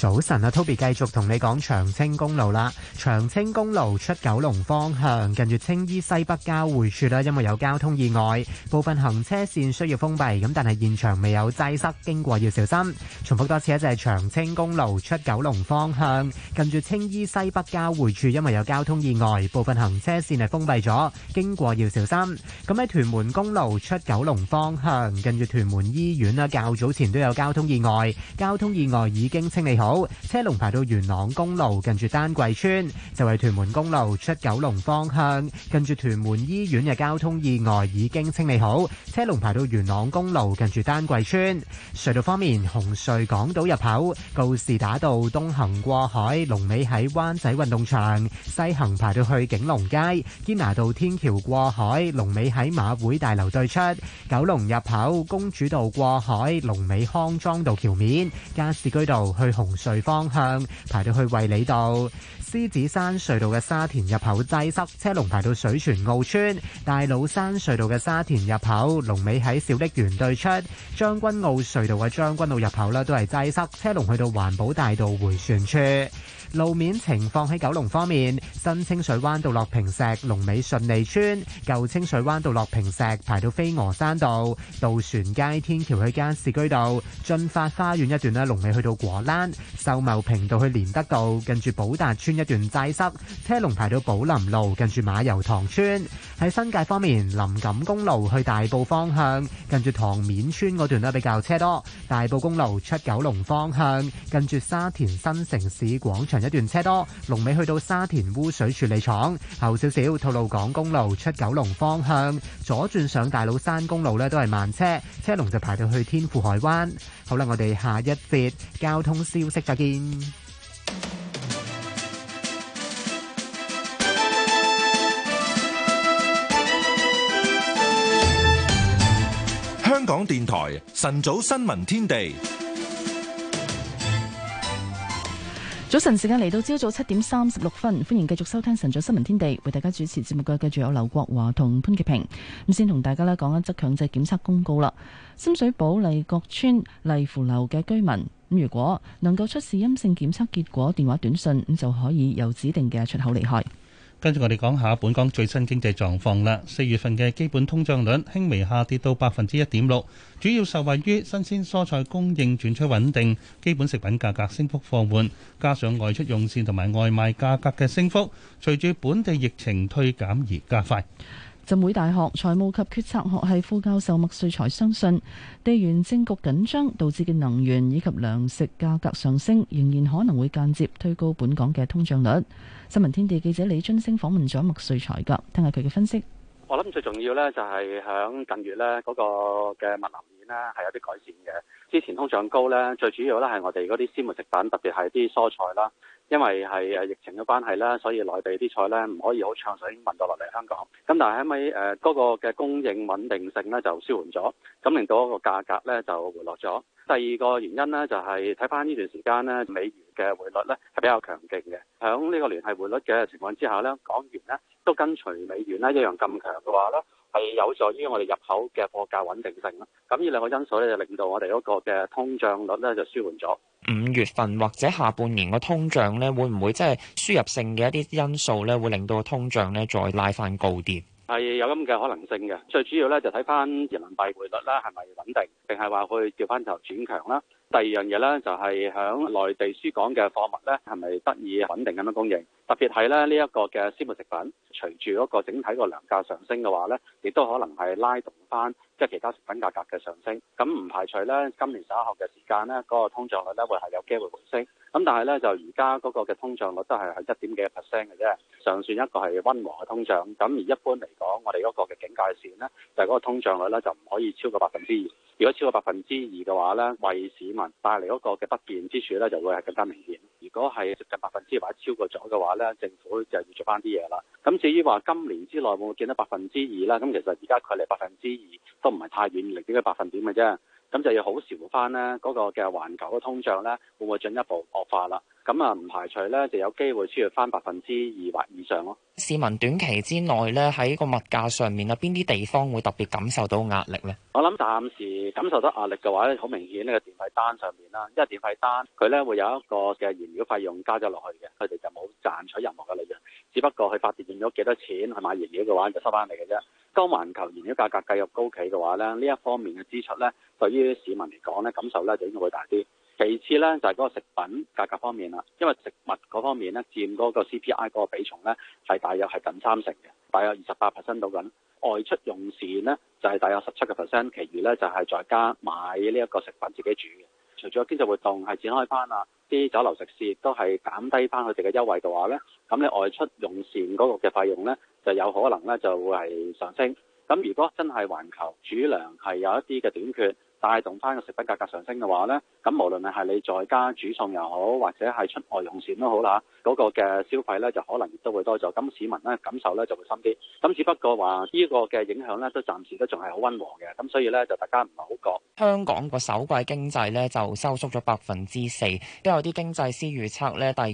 早晨啊，Toby 繼續同你講長青公路啦。長青公路出九龍方向，近住青衣西北交匯處啦，因為有交通意外，部分行車線需要封閉，咁但係現場未有擠塞，經過要小心。重複多次，一就係長青公路出九龍方向，近住青衣西北交匯處，因為有交通意外，部分行車線係封閉咗，經過要小心。咁喺屯門公路出九龍方向，近住屯門醫院啦，較早前都有交通意外，交通意外已經清理好。好，車龍排到元朗公路近住丹桂村，就係屯門公路出九龍方向，近住屯門醫院嘅交通意外已經清理好，車龍排到元朗公路近住丹桂村。隧道方面，紅隧港島入口告士打道東行過海，龍尾喺灣仔運動場，西行排到去景隆街堅拿道天橋過海，龍尾喺馬會大樓對出，九龍入口公主道過海，龍尾康莊道橋面加士居道去紅隧方向排到去衛理道，獅子山隧道嘅沙田入口擠塞，車龍排到水泉澳村；大老山隧道嘅沙田入口，龍尾喺小瀝源對出；將軍澳隧道嘅將軍澳入口咧都係擠塞，車龍去到環保大道回旋處。路面情況喺九龍方面，新清水灣到落坪石、龍尾順利村；舊清水灣到落坪石排到飛鵝山道、渡船街天橋去加士居道、駿發花園一段咧龍尾去到果欄、秀茂坪道去連德道，近住寶達村一段擠塞，車龍排到寶林路近住馬遊塘村。喺新界方面，林錦公路去大埔方向，近住塘面村嗰段咧比較車多；大埔公路出九龍方向，近住沙田新城市廣場，一段車多，龍尾去到沙田污水處理廠，後少少吐露港公路出九龍方向，左轉上大老山公路咧都係慢車，車龍就排到去天賦海灣。好啦，我哋下一節交通消息再見。香港電台晨早新聞天地。早晨時間嚟到朝早七點三十六分，歡迎繼續收聽晨早新聞天地，為大家主持節目嘅繼續有劉國華同潘潔平。咁先同大家呢講一則強制檢測公告啦。深水埗麗閣村麗湖樓嘅居民，咁如果能夠出示陰性檢測結果、電話短信咁就可以由指定嘅出口離開。跟住我哋講下本港最新經濟狀況啦。四月份嘅基本通脹率輕微下跌到百分之一點六，主要受惠於新鮮蔬菜供應轉趨穩定，基本食品價格升幅放緩，加上外出用膳同埋外賣價格嘅升幅，隨住本地疫情退減而加快。浸會大學財務及決策學系副教授麥瑞才相信，地緣政局緊張導致嘅能源以及糧食價格上升，仍然可能會間接推高本港嘅通脹率。新聞天地記者李津星訪問咗麥瑞才㗎，聽下佢嘅分析。我諗最重要呢，就係響近月呢嗰個嘅物流面咧，係有啲改善嘅。之前通脹高呢，最主要呢，係我哋嗰啲鮮活食品，特別係啲蔬菜啦。因為係誒疫情嘅關係啦，所以內地啲菜咧唔可以好暢順運到落嚟香港。咁但係後屘誒嗰個嘅供應穩定性咧就舒緩咗，咁令到個價格咧就回落咗。第二個原因咧就係睇翻呢段時間咧，美元嘅匯率咧係比較強勁嘅，響呢個聯繫匯率嘅情況之下咧，港元咧都跟隨美元咧一樣咁強嘅話咧。係有助於我哋入口嘅貨價穩定性咯，咁呢兩個因素咧就令到我哋嗰個嘅通脹率咧就舒緩咗。五月份或者下半年個通脹咧，會唔會即係輸入性嘅一啲因素咧，會令到個通脹咧再拉翻高啲？係有咁嘅可能性嘅，最主要咧就睇翻人民幣匯率啦，係咪穩定，定係話會掉翻頭轉強啦。第二樣嘢咧就係響內地輸港嘅貨物咧，係咪得以穩定咁樣供應？特別係咧呢一個嘅鮮活食品，隨住嗰個整體個糧價上升嘅話呢亦都可能係拉動翻即係其他食品價格嘅上升。咁唔排除呢今年十一月嘅時間呢嗰個通脹率呢會係有機會回升。咁但係呢，就而家嗰個嘅通脹率都係係一點幾 percent 嘅啫，尚算一個係溫和嘅通脹。咁而一般嚟講，我哋嗰個嘅警戒線呢，就係嗰個通脹率呢就唔可以超過百分之二。如果超過百分之二嘅話呢，為市民帶嚟嗰個嘅不便之處呢，就會係更加明顯。如果係接近百分之或者超過咗嘅話，咧政府就要做翻啲嘢啦。咁至於話今年之內會唔會見到百分之二咧？咁其實而家距離百分之二都唔係太遠，零點幾百分點嘅啫。咁就要好視乎咧，嗰個嘅環球嘅通脹咧，會唔會進一步惡化啦？咁啊，唔排除咧，就有機會超越翻百分之二或以上咯。市民短期之內咧，喺個物價上面有邊啲地方會特別感受到壓力咧？我諗暫時感受到壓力嘅話咧，好明顯呢個電費單上面啦，因為電費單佢咧會有一個嘅燃料費用加咗落去嘅，佢哋就冇賺取任何嘅利潤，只不過佢發電用咗幾多錢去買燃料嘅話，就收翻嚟嘅啫。當環球燃料價格繼續高企嘅話咧，呢一方面嘅支出咧，對於市民嚟講咧，感受咧就應該會大啲。其次咧就係、是、嗰個食品價格方面啦，因為食物嗰方面咧佔嗰個 CPI 嗰個比重咧係大約係近三成嘅，大約二十八 percent 到咁。外出用膳咧就係、是、大約十七個 percent，其餘咧就係、是、在家買呢一個食品自己煮嘅。除咗經濟活動係展開翻啊，啲酒樓食肆亦都係減低翻佢哋嘅優惠嘅話咧，咁你外出用膳嗰個嘅費用咧就有可能咧就會係上升。咁如果真係環球主糧係有一啲嘅短缺。帶動翻個食品價格上升嘅話呢，咁無論係你在家煮餸又好，或者係出外用膳都好啦，嗰、那個嘅消費呢就可能亦都會多咗，咁市民呢感受呢就會深啲。咁只不過話呢、這個嘅影響呢都暫時都仲係好溫和嘅，咁所以呢，就大家唔係好覺。香港個首季經濟呢就收縮咗百分之四，都有啲經濟師預測呢，第二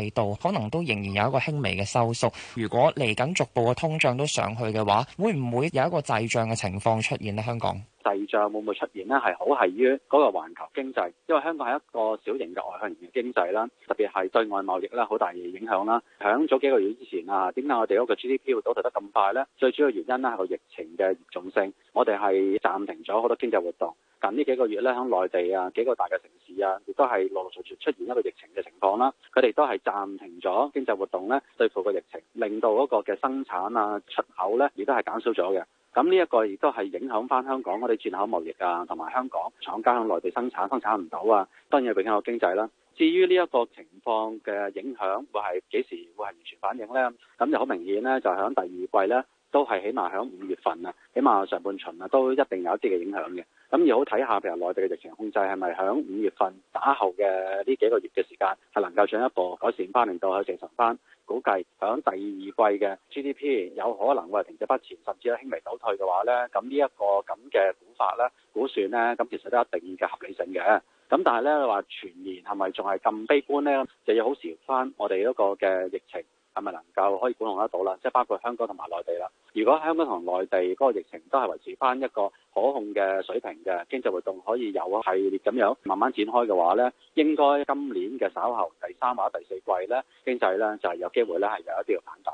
季度可能都仍然有一個輕微嘅收縮。如果嚟緊逐步嘅通脹都上去嘅話，會唔會有一個滯脹嘅情況出現呢？香港？滯脹會唔會出現呢？係好係於嗰個環球經濟，因為香港係一個小型嘅外向型嘅經濟啦，特別係對外貿易啦，好大嘅影響啦。響咗幾個月之前啊，點解我哋嗰個 GDP 會倒退得咁快呢？最主要原因呢係個疫情嘅嚴重性，我哋係暫停咗好多經濟活動。近呢幾個月咧，響內地啊幾個大嘅城市啊，亦都係陸陸續續出現一個疫情嘅情況啦。佢哋都係暫停咗經濟活動咧，對付個疫情，令到嗰個嘅生產啊出口咧，亦都係減少咗嘅。咁呢一個亦都係影響翻香港我哋轉口貿易啊，同埋香港廠家向內地生產生產唔到啊，當然係影響個經濟啦、啊。至於呢一個情況嘅影響會係幾時會係完全反映呢？咁就好明顯咧，就響第二季咧。都係起碼喺五月份啊，起碼上半旬啊，都一定有一啲嘅影響嘅。咁要好睇下，譬如內地嘅疫情控制係咪喺五月份打後嘅呢幾個月嘅時間，係能夠進一步改善翻，令到佢正常翻。估計喺第二季嘅 GDP 有可能會停止不前，甚至有輕微倒退嘅話呢。咁呢一個咁嘅估法咧、估算呢，咁其實都一定嘅合理性嘅。咁但係呢話全年係咪仲係咁悲觀呢？就要好睇翻我哋嗰個嘅疫情。係咪能夠可以管控得到啦？即係包括香港同埋內地啦。如果香港同內地嗰個疫情都係維持翻一個可控嘅水平嘅經濟活動，可以有一系列咁樣慢慢展開嘅話呢，應該今年嘅稍後第三或者第四季呢，經濟呢就係有機會呢係有一啲嘅反彈。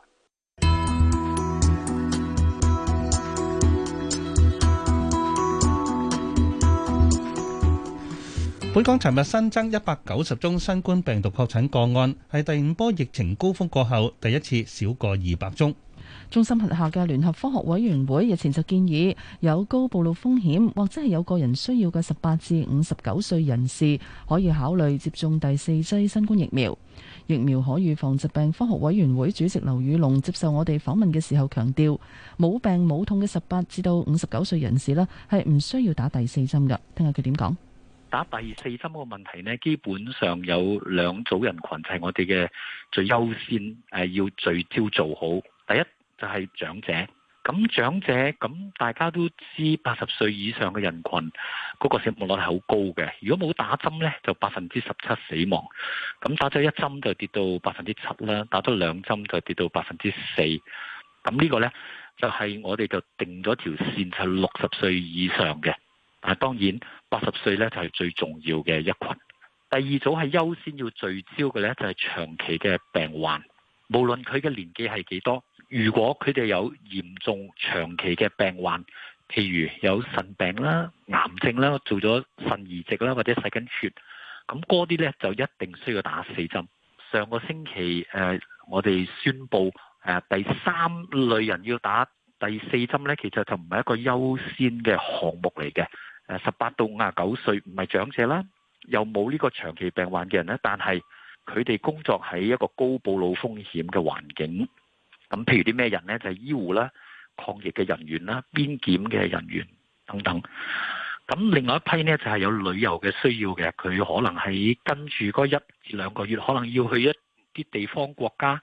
本港尋日新增一百九十宗新冠病毒確診個案，係第五波疫情高峰過後第一次少過二百宗。中心轄下嘅聯合科學委員會日前就建議，有高暴露風險或者係有個人需要嘅十八至五十九歲人士可以考慮接種第四劑新冠疫苗。疫苗可預防疾病科學委員會主席劉宇龍接受我哋訪問嘅時候強調，冇病冇痛嘅十八至到五十九歲人士呢，係唔需要打第四針㗎。聽下佢點講。打第四針個問題呢，基本上有兩組人群，就係我哋嘅最優先，誒、呃、要聚焦做好。第一就係長者，咁、嗯、長者咁、嗯、大家都知，八十歲以上嘅人群，嗰、那個死亡率係好高嘅。如果冇打針呢，就百分之十七死亡。咁、嗯、打咗一針就跌到百分之七啦，打咗兩針就跌到百分之四。咁、嗯、呢、這個呢，就係、是、我哋就定咗條線，就六十歲以上嘅。但係當然。八十歲咧就係、是、最重要嘅一群，第二組係優先要聚焦嘅咧就係、是、長期嘅病患，無論佢嘅年紀係幾多，如果佢哋有嚴重長期嘅病患，譬如有腎病啦、癌症啦、做咗腎移植啦或者洗緊血，咁嗰啲咧就一定需要打四針。上個星期誒、呃，我哋宣布誒、呃、第三類人要打第四針咧，其實就唔係一個優先嘅項目嚟嘅。誒，十八到五十九歲唔係長者啦，又冇呢個長期病患嘅人咧，但係佢哋工作喺一個高暴露風險嘅環境，咁譬如啲咩人咧？就係、是、醫護啦、抗疫嘅人員啦、邊檢嘅人員等等。咁另外一批呢，就係、是、有旅遊嘅需要嘅，佢可能喺跟住嗰一兩個月，可能要去一啲地方國家，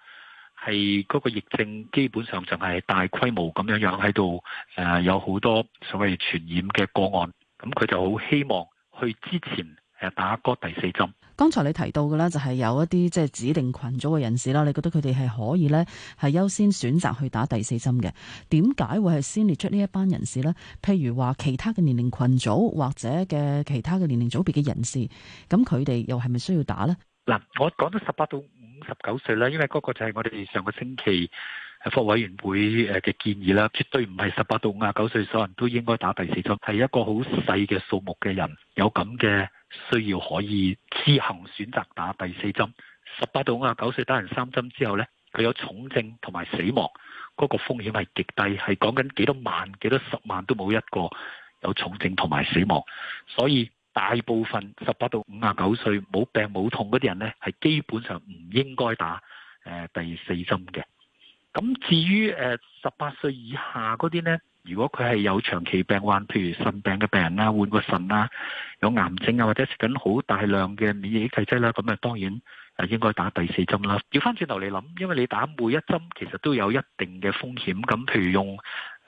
係嗰個疫症基本上就係大規模咁樣樣喺度，誒、呃，有好多所謂傳染嘅個案。咁佢就好希望去之前誒打過第四針。剛才你提到嘅呢，就係有一啲即係指定群組嘅人士啦。你覺得佢哋係可以呢，係優先選擇去打第四針嘅？點解會係先列出呢一班人士呢？譬如話其他嘅年齡群組或者嘅其他嘅年齡組別嘅人士，咁佢哋又係咪需要打呢？嗱，我講咗十八到五十九歲啦，因為嗰個就係我哋上個星期。係科委員會誒嘅建議啦，絕對唔係十八到五十九歲所有人都應該打第四針，係一個好細嘅數目嘅人有咁嘅需要，可以自行選擇打第四針。十八到五十九歲打完三針之後呢，佢有重症同埋死亡嗰個風險係極低，係講緊幾多萬、幾多十萬都冇一個有重症同埋死亡。所以大部分十八到五十九歲冇病冇痛嗰啲人呢，係基本上唔應該打誒第四針嘅。咁至於誒十八歲以下嗰啲呢，如果佢係有長期病患，譬如腎病嘅病人啦，換過腎啦，有癌症啊，或者食緊好大量嘅免疫抑制劑啦，咁啊當然係應該打第四針啦。調翻轉頭嚟諗，因為你打每一針其實都有一定嘅風險，咁譬如用。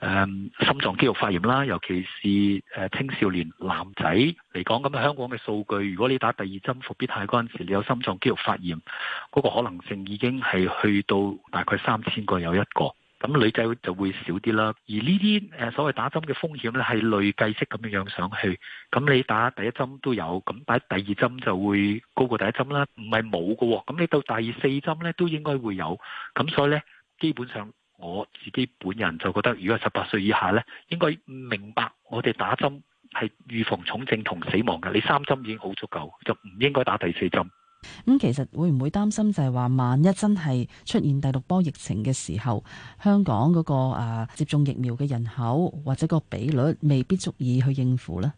誒，um, 心臟肌肉發炎啦，尤其是誒、呃、青少年男仔嚟講，咁啊香港嘅數據，如果你打第二針復必泰嗰陣時，你有心臟肌肉發炎嗰、那個可能性已經係去到大概三千個有一個，咁女仔就會少啲啦。而、呃、呢啲誒所謂打針嘅風險咧，係累計式咁樣樣上去，咁你打第一針都有，咁打第二針就會高過第一針啦，唔係冇㗎喎。咁你到第四針咧，都應該會有。咁所以咧，基本上。我自己本人就覺得，如果係十八歲以下咧，應該明白我哋打針係預防重症同死亡嘅。你三針已經好足夠，就唔應該打第四針。咁、嗯、其實會唔會擔心就係話萬一真係出現第六波疫情嘅時候，香港嗰、那個啊接種疫苗嘅人口或者個比率未必足以去應付咧。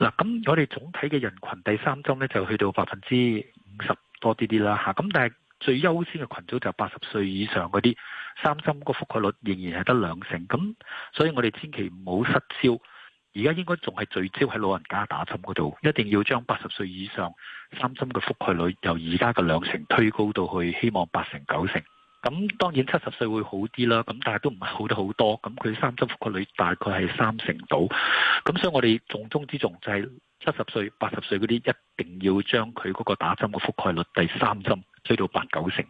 嗱、嗯，咁我哋總體嘅人群第三針咧就去到百分之五十多啲啲啦，吓、啊，咁但係最優先嘅群組就係八十歲以上嗰啲。三針個覆蓋率仍然係得兩成，咁所以我哋千祈唔好失焦。而家應該仲係聚焦喺老人家打針嗰度，一定要將八十歲以上三針嘅覆蓋率由而家嘅兩成推高到去希望八成九成。咁當然七十歲會好啲啦，咁但係都唔係好得好多。咁佢三針覆蓋率大概係三成到，咁所以我哋重中之重就係七十歲、八十歲嗰啲一定要將佢嗰個打針嘅覆蓋率第三針追到八九成。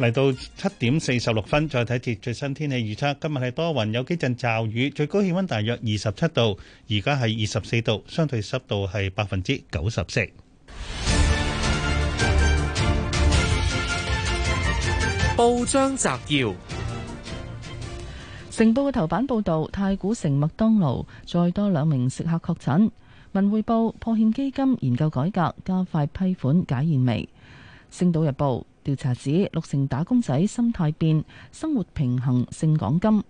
嚟到七點四十六分，再睇一節最新天氣預測。今日係多雲，有幾陣驟雨，最高氣温大約二十七度，而家係二十四度，相對濕度係百分之九十四。報章摘要：成報嘅頭版報導，太古城麥當勞再多兩名食客確診。文匯報破欠基金研究改革，加快批款解燃眉。星島日報。調查指六成打工仔心態變，生活平衡勝港金。《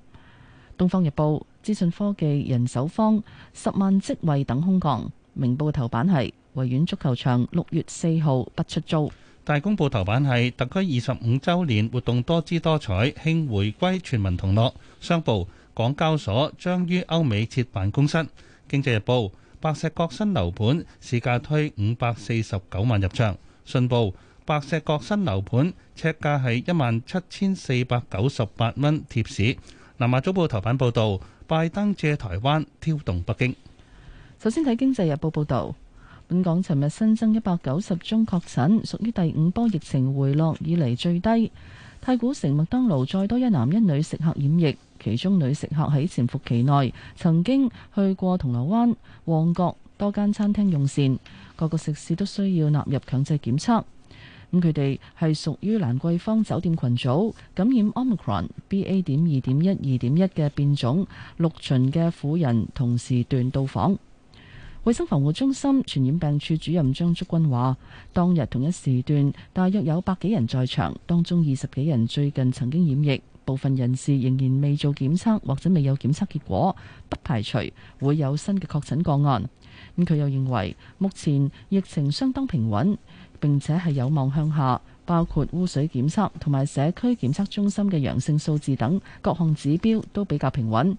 東方日報》資訊科技人手荒，十萬職位等空降。《明報》頭版係維園足球場六月四號不出租。《大公報》頭版係特區二十五週年活動多姿多彩，慶回歸全民同樂。《商報》港交所將於歐美設辦公室。《經濟日報》白石角新樓盤市價推五百四十九萬入場。《信報》白石角新樓盤尺價係一萬七千四百九十八蚊。貼士，南亞早報頭版報導，拜登借台灣挑動北京。首先睇經濟日報報導，本港尋日新增一百九十宗確診，屬於第五波疫情回落以嚟最低。太古城麥當勞再多一男一女食客染疫，其中女食客喺潛伏期內曾經去過銅鑼灣、旺角多間餐廳用膳，各個食肆都需要納入強制檢測。咁佢哋係屬於蘭桂坊酒店群組感染 Omicron BA 點二點一二點一嘅變種六旬嘅婦人，同時段到訪。衞生防護中心傳染病處主任張竹君話，當日同一時段大約有百幾人在場，當中二十幾人最近曾經染疫，部分人士仍然未做檢測或者未有檢測結果，不排除會有新嘅確診個案。咁佢又認為目前疫情相當平穩。並且係有望向下，包括污水檢測同埋社區檢測中心嘅陽性數字等各項指標都比較平穩。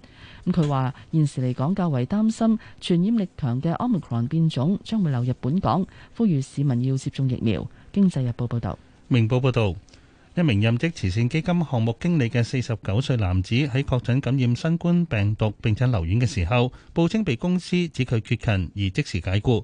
咁佢話現時嚟講較為擔心傳染力強嘅 Omicron 變種將會流入本港，呼籲市民要接種疫苗。經濟日報報道：「明報報道，一名任職慈善基金項目經理嘅四十九歲男子喺確診感染新冠病毒並且留院嘅時候，報稱被公司指佢缺勤而即時解雇。」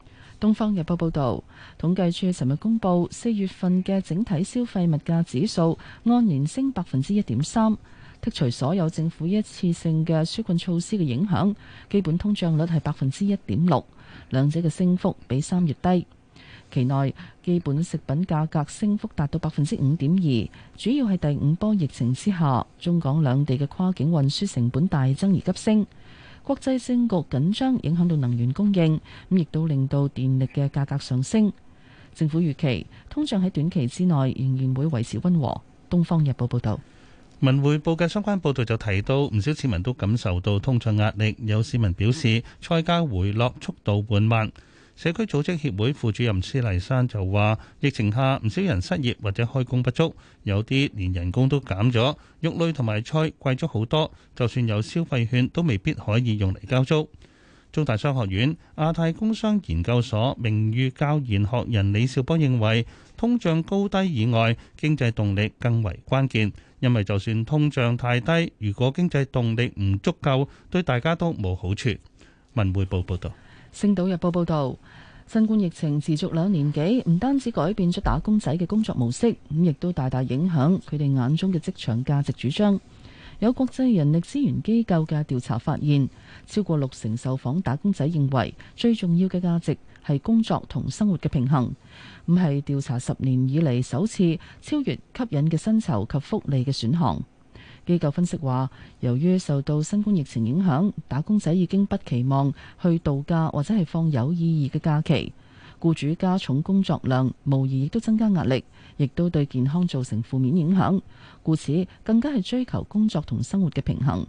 《東方日報》報導，統計處尋日公布四月份嘅整體消費物價指數按年升百分之一點三，剔除所有政府一次性嘅紓困措施嘅影響，基本通脹率係百分之一點六，兩者嘅升幅比三月低。期內基本食品價格升幅達到百分之五點二，主要係第五波疫情之下，中港兩地嘅跨境運輸成本大增而急升。國際政局緊張影響到能源供應，咁亦都令到電力嘅價格上升。政府預期通脹喺短期之內仍然會維持溫和。東方日報報道，文匯報嘅相關報道就提到，唔少市民都感受到通脹壓力，有市民表示菜價回落速度緩慢。社區組織協會副主任施麗珊就話：疫情下唔少人失業或者開工不足，有啲連人工都減咗，肉類同埋菜貴咗好多。就算有消費券，都未必可以用嚟交租。中大商學院亞太工商研究所名譽教研學人李兆波認為，通脹高低以外，經濟動力更為關鍵。因為就算通脹太低，如果經濟動力唔足夠，對大家都冇好處。文匯報報導。星島日報報道，新冠疫情持續兩年幾，唔單止改變咗打工仔嘅工作模式，咁亦都大大影響佢哋眼中嘅職場價值主張。有國際人力資源機構嘅調查發現，超過六成受訪打工仔認為最重要嘅價值係工作同生活嘅平衡，咁係調查十年以嚟首次超越吸引嘅薪酬及福利嘅選項。機構分析話，由於受到新冠疫情影響，打工仔已經不期望去度假或者係放有意義嘅假期。雇主加重工作量，無疑亦都增加壓力，亦都對健康造成負面影響。故此，更加係追求工作同生活嘅平衡。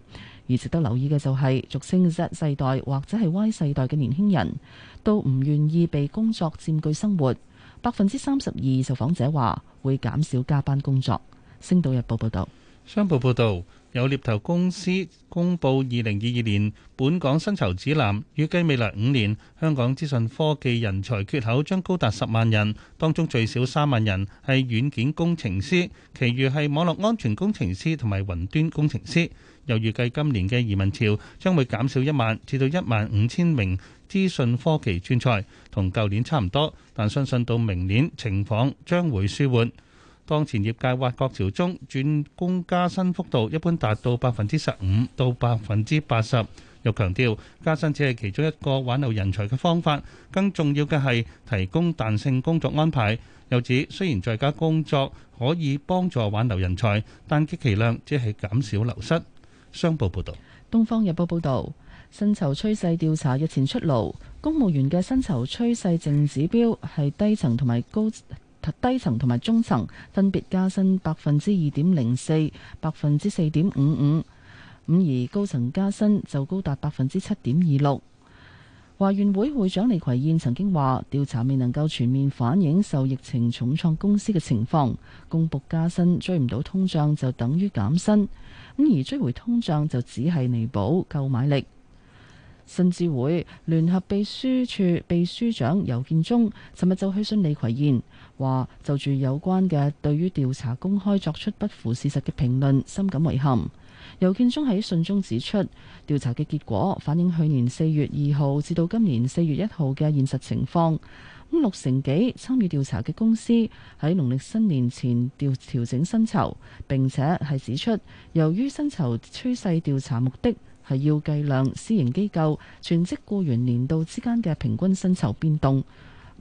而值得留意嘅就係，俗稱 Z 世代或者係 Y 世代嘅年輕人都唔願意被工作佔據生活。百分之三十二受訪者話會減少加班工作。《星島日報》報道。商報報導，有獵頭公司公佈二零二二年本港薪酬指南，預計未來五年香港資訊科技人才缺口將高達十萬人，當中最少三萬人係軟件工程師，其餘係網絡安全工程師同埋雲端工程師。又預計今年嘅移民潮將會減少一萬至到一萬五千名資訊科技專才，同舊年差唔多，但相信到明年情況將會舒緩。當前業界挖角潮中，轉工加薪幅度一般達到百分之十五到百分之八十。又強調加薪只係其中一個挽留人才嘅方法，更重要嘅係提供彈性工作安排。又指雖然在家工作可以幫助挽留人才，但極其量只係減少流失。商報報導，《東方日報》報導，薪酬趨勢調查日前出爐，公務員嘅薪酬趨勢淨指標係低層同埋高。低層同埋中層分別加薪百分之二點零四、百分之四點五五，咁而高層加薪就高達百分之七點二六。華員會會長李葵燕曾經話：調查未能夠全面反映受疫情重創公司嘅情況，公僕加薪追唔到通脹就等於減薪，咁而追回通脹就只係彌補購買力。新智會聯合秘書處秘書長尤建中尋日就去信李葵燕。話就住有關嘅對於調查公開作出不符事實嘅評論，深感遺憾。尤建中喺信中指出，調查嘅結果反映去年四月二號至到今年四月一號嘅現實情況。咁六成幾參與調查嘅公司喺農曆新年前調調整薪酬，並且係指出，由於薪酬趨勢調查目的係要計量私營機構全職僱員年度之間嘅平均薪酬變動。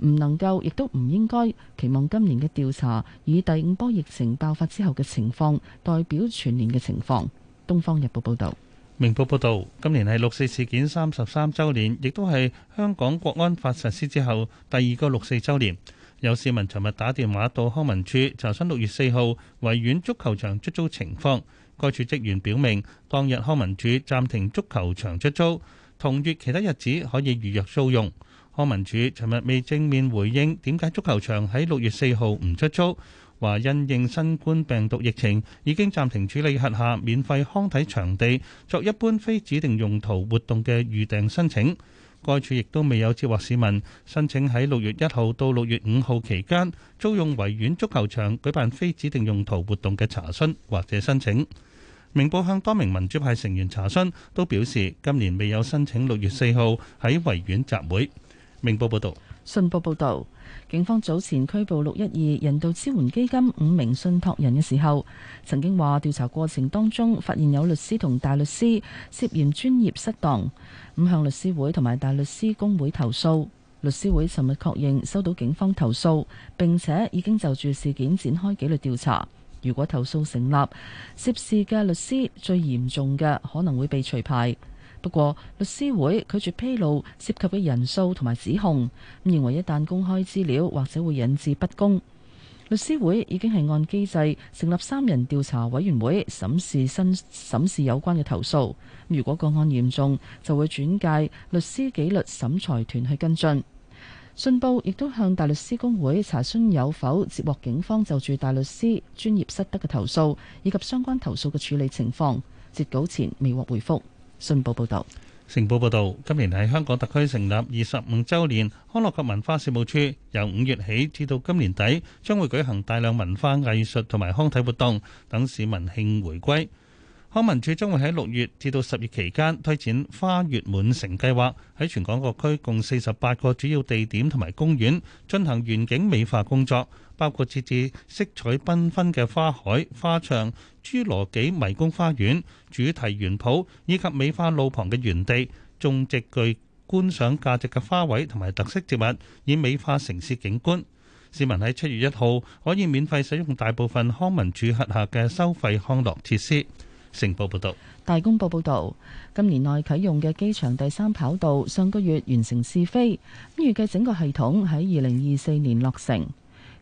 唔能夠，亦都唔應該期望今年嘅調查以第五波疫情爆發之後嘅情況代表全年嘅情況。《東方日報》報道，《明報》報道，今年係六四事件三十三週年，亦都係香港國安法實施之後第二個六四週年。有市民尋日打電話到康文署查詢六月四號維園足球場出租情況，該處職員表明，當日康文署暫停足球場出租，同月其他日子可以預約租用。康文署尋日未正面回應點解足球場喺六月四號唔出租，話因應新冠病毒疫情已經暫停處理轄下免費康體場地作一般非指定用途活動嘅預訂申請。該處亦都未有接獲市民申請喺六月一號到六月五號期間租用維園足球場舉辦非指定用途活動嘅查詢或者申請。明報向多名民主派成員查詢，都表示今年未有申請六月四號喺維園集會。明報報導，信報報導，警方早前拘捕六一二人道支援基金五名信託人嘅時候，曾經話調查過程當中發現有律師同大律師涉嫌專業失當，咁向律師會同埋大律師公會投訴。律師會尋日確認收到警方投訴，並且已經就住事件展開紀律調查。如果投訴成立，涉事嘅律師最嚴重嘅可能會被除牌。不過，律師會拒絕披露涉及嘅人數同埋指控，認為一旦公開資料或者會引致不公。律師會已經係按機制成立三人調查委員會審視新審視有關嘅投訴。如果個案嚴重，就會轉介律師紀律審裁團去跟進。信報亦都向大律師公會查詢有否接獲警方就住大律師專業失德嘅投訴，以及相關投訴嘅處理情況。截稿前未獲回覆。信報報道：成報報道，今年係香港特區成立二十五週年，康樂及文化事務處由五月起至到今年底，將會舉行大量文化藝術同埋康體活動，等市民慶回歸。康文署將會喺六月至到十月期間，推展花月滿城計劃，喺全港各區共四十八個主要地點同埋公園進行園景美化工作。包括設置色彩繽紛嘅花海、花場、侏羅紀迷宮花園、主題園圃，以及美化路旁嘅園地，種植具觀賞價值嘅花卉同埋特色植物，以美化城市景觀。市民喺七月一號可以免費使用大部分康文署轄下嘅收費康樂設施。成報報道，大公報報道，今年內啟用嘅機場第三跑道上個月完成試飛，預計整個系統喺二零二四年落成。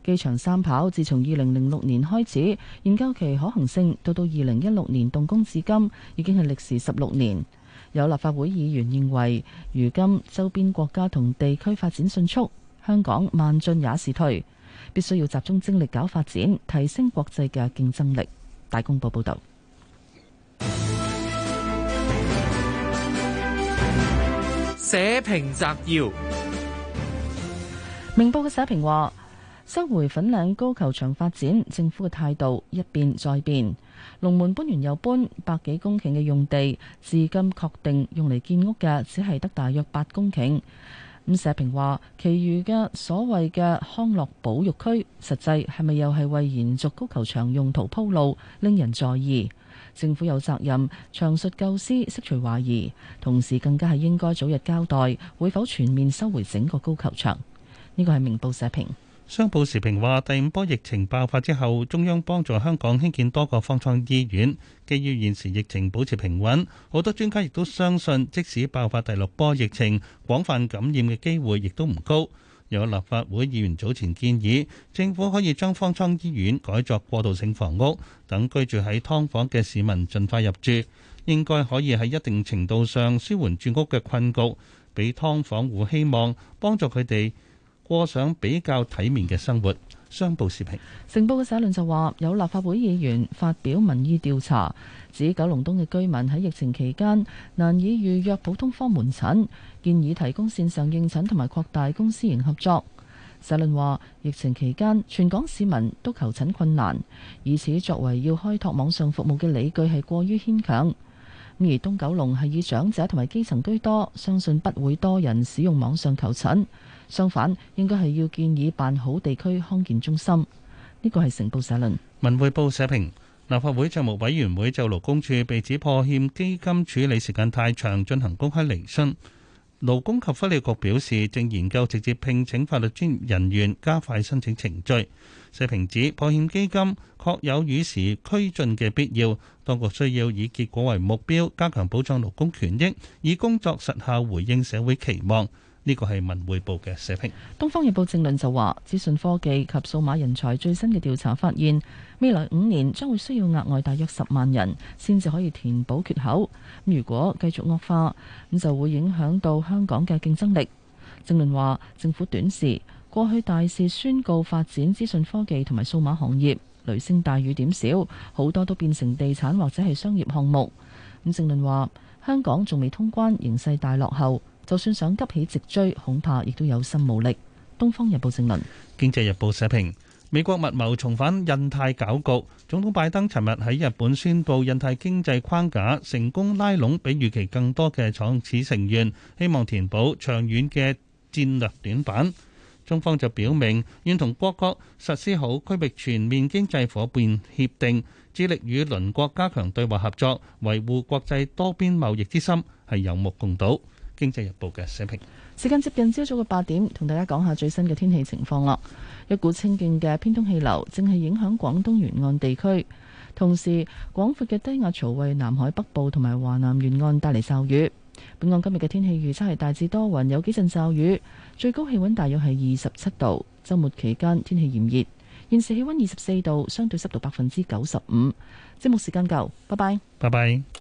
機場三跑，自從二零零六年開始研究其可行性，到到二零一六年動工至今，已經係歷時十六年。有立法會議員認為，如今周邊國家同地區發展迅速，香港慢進也是退，必須要集中精力搞發展，提升國際嘅競爭力。大公報報道，社評摘要，明報嘅社評話。收回粉嶺高球場發展，政府嘅態度一變再變。龍門搬完又搬，百幾公頃嘅用地，至今確定用嚟建屋嘅，只係得大約八公頃。咁社評話，其餘嘅所謂嘅康樂保育區，實際係咪又係為延續高球場用途鋪路，令人在意。政府有責任詳述構思，釋除懷疑，同時更加係應該早日交代會否全面收回整個高球場。呢個係明報社評。商報時評話：第五波疫情爆發之後，中央幫助香港興建多個方艙醫院。基於現時疫情保持平穩，好多專家亦都相信，即使爆發第六波疫情，廣泛感染嘅機會亦都唔高。有立法會議員早前建議，政府可以將方艙醫院改作過渡性房屋，等居住喺劏房嘅市民盡快入住，應該可以喺一定程度上舒緩住屋嘅困局，俾劏房戶希望，幫助佢哋，過上比較體面嘅生活。商報時評，成報嘅社論就話：有立法會議員發表民意調查，指九龍東嘅居民喺疫情期間難以預約普通科門診，建議提供線上應診同埋擴大公私營合作。社論話：疫情期間全港市民都求診困難，以此作為要開拓網上服務嘅理據係過於牽強。而東九龍係以長者同埋基層居多，相信不會多人使用網上求診。相反，應該係要建議辦好地區康健中心。呢個係成報社論。文匯報社評，立法會帳目委員會就勞工處被指破欠基金處理時間太長進行公開聆訊。勞工及福利局表示正研究直接聘請法律專業人員加快申請程序。社評指破欠基金確有與時俱進嘅必要，當局需要以結果為目標，加強保障勞工權益，以工作實效回應社會期望。呢個係文匯報嘅社評，《東方日報正論》就話：資訊科技及數碼人才最新嘅調查發現，未來五年將會需要額外大約十萬人先至可以填補缺口。如果繼續惡化，咁就會影響到香港嘅競爭力。正論話：政府短時過去大肆宣告發展資訊科技同埋數碼行業，雷聲大雨點少，好多都變成地產或者係商業項目。咁正論話：香港仲未通關，形勢大落後。就算想急起直追，恐怕亦都有心無力。《東方日報》正論，《經濟日報》社評：美國密謀重返印太搞局，總統拜登尋日喺日本宣布印太經濟框架，成功拉攏比預期更多嘅創始成員，希望填補長遠嘅戰略短板。中方就表明願同各國實施好區域全面經濟夥伴協定，致力與鄰國加強對話合作，維護國際多邊貿易之心，係有目共睹。《經濟日報》嘅寫評，時間接近朝早嘅八點，同大家講下最新嘅天氣情況啦。一股清勁嘅偏東氣流正係影響廣東沿岸地區，同時廣闊嘅低壓槽為南海北部同埋華南沿岸帶嚟驟雨。本港今日嘅天氣預測係大致多雲，有幾陣驟雨，最高氣温大約係二十七度。周末期間天氣炎熱，現時氣温二十四度，相對濕度百分之九十五。節目時間夠，拜拜，拜拜。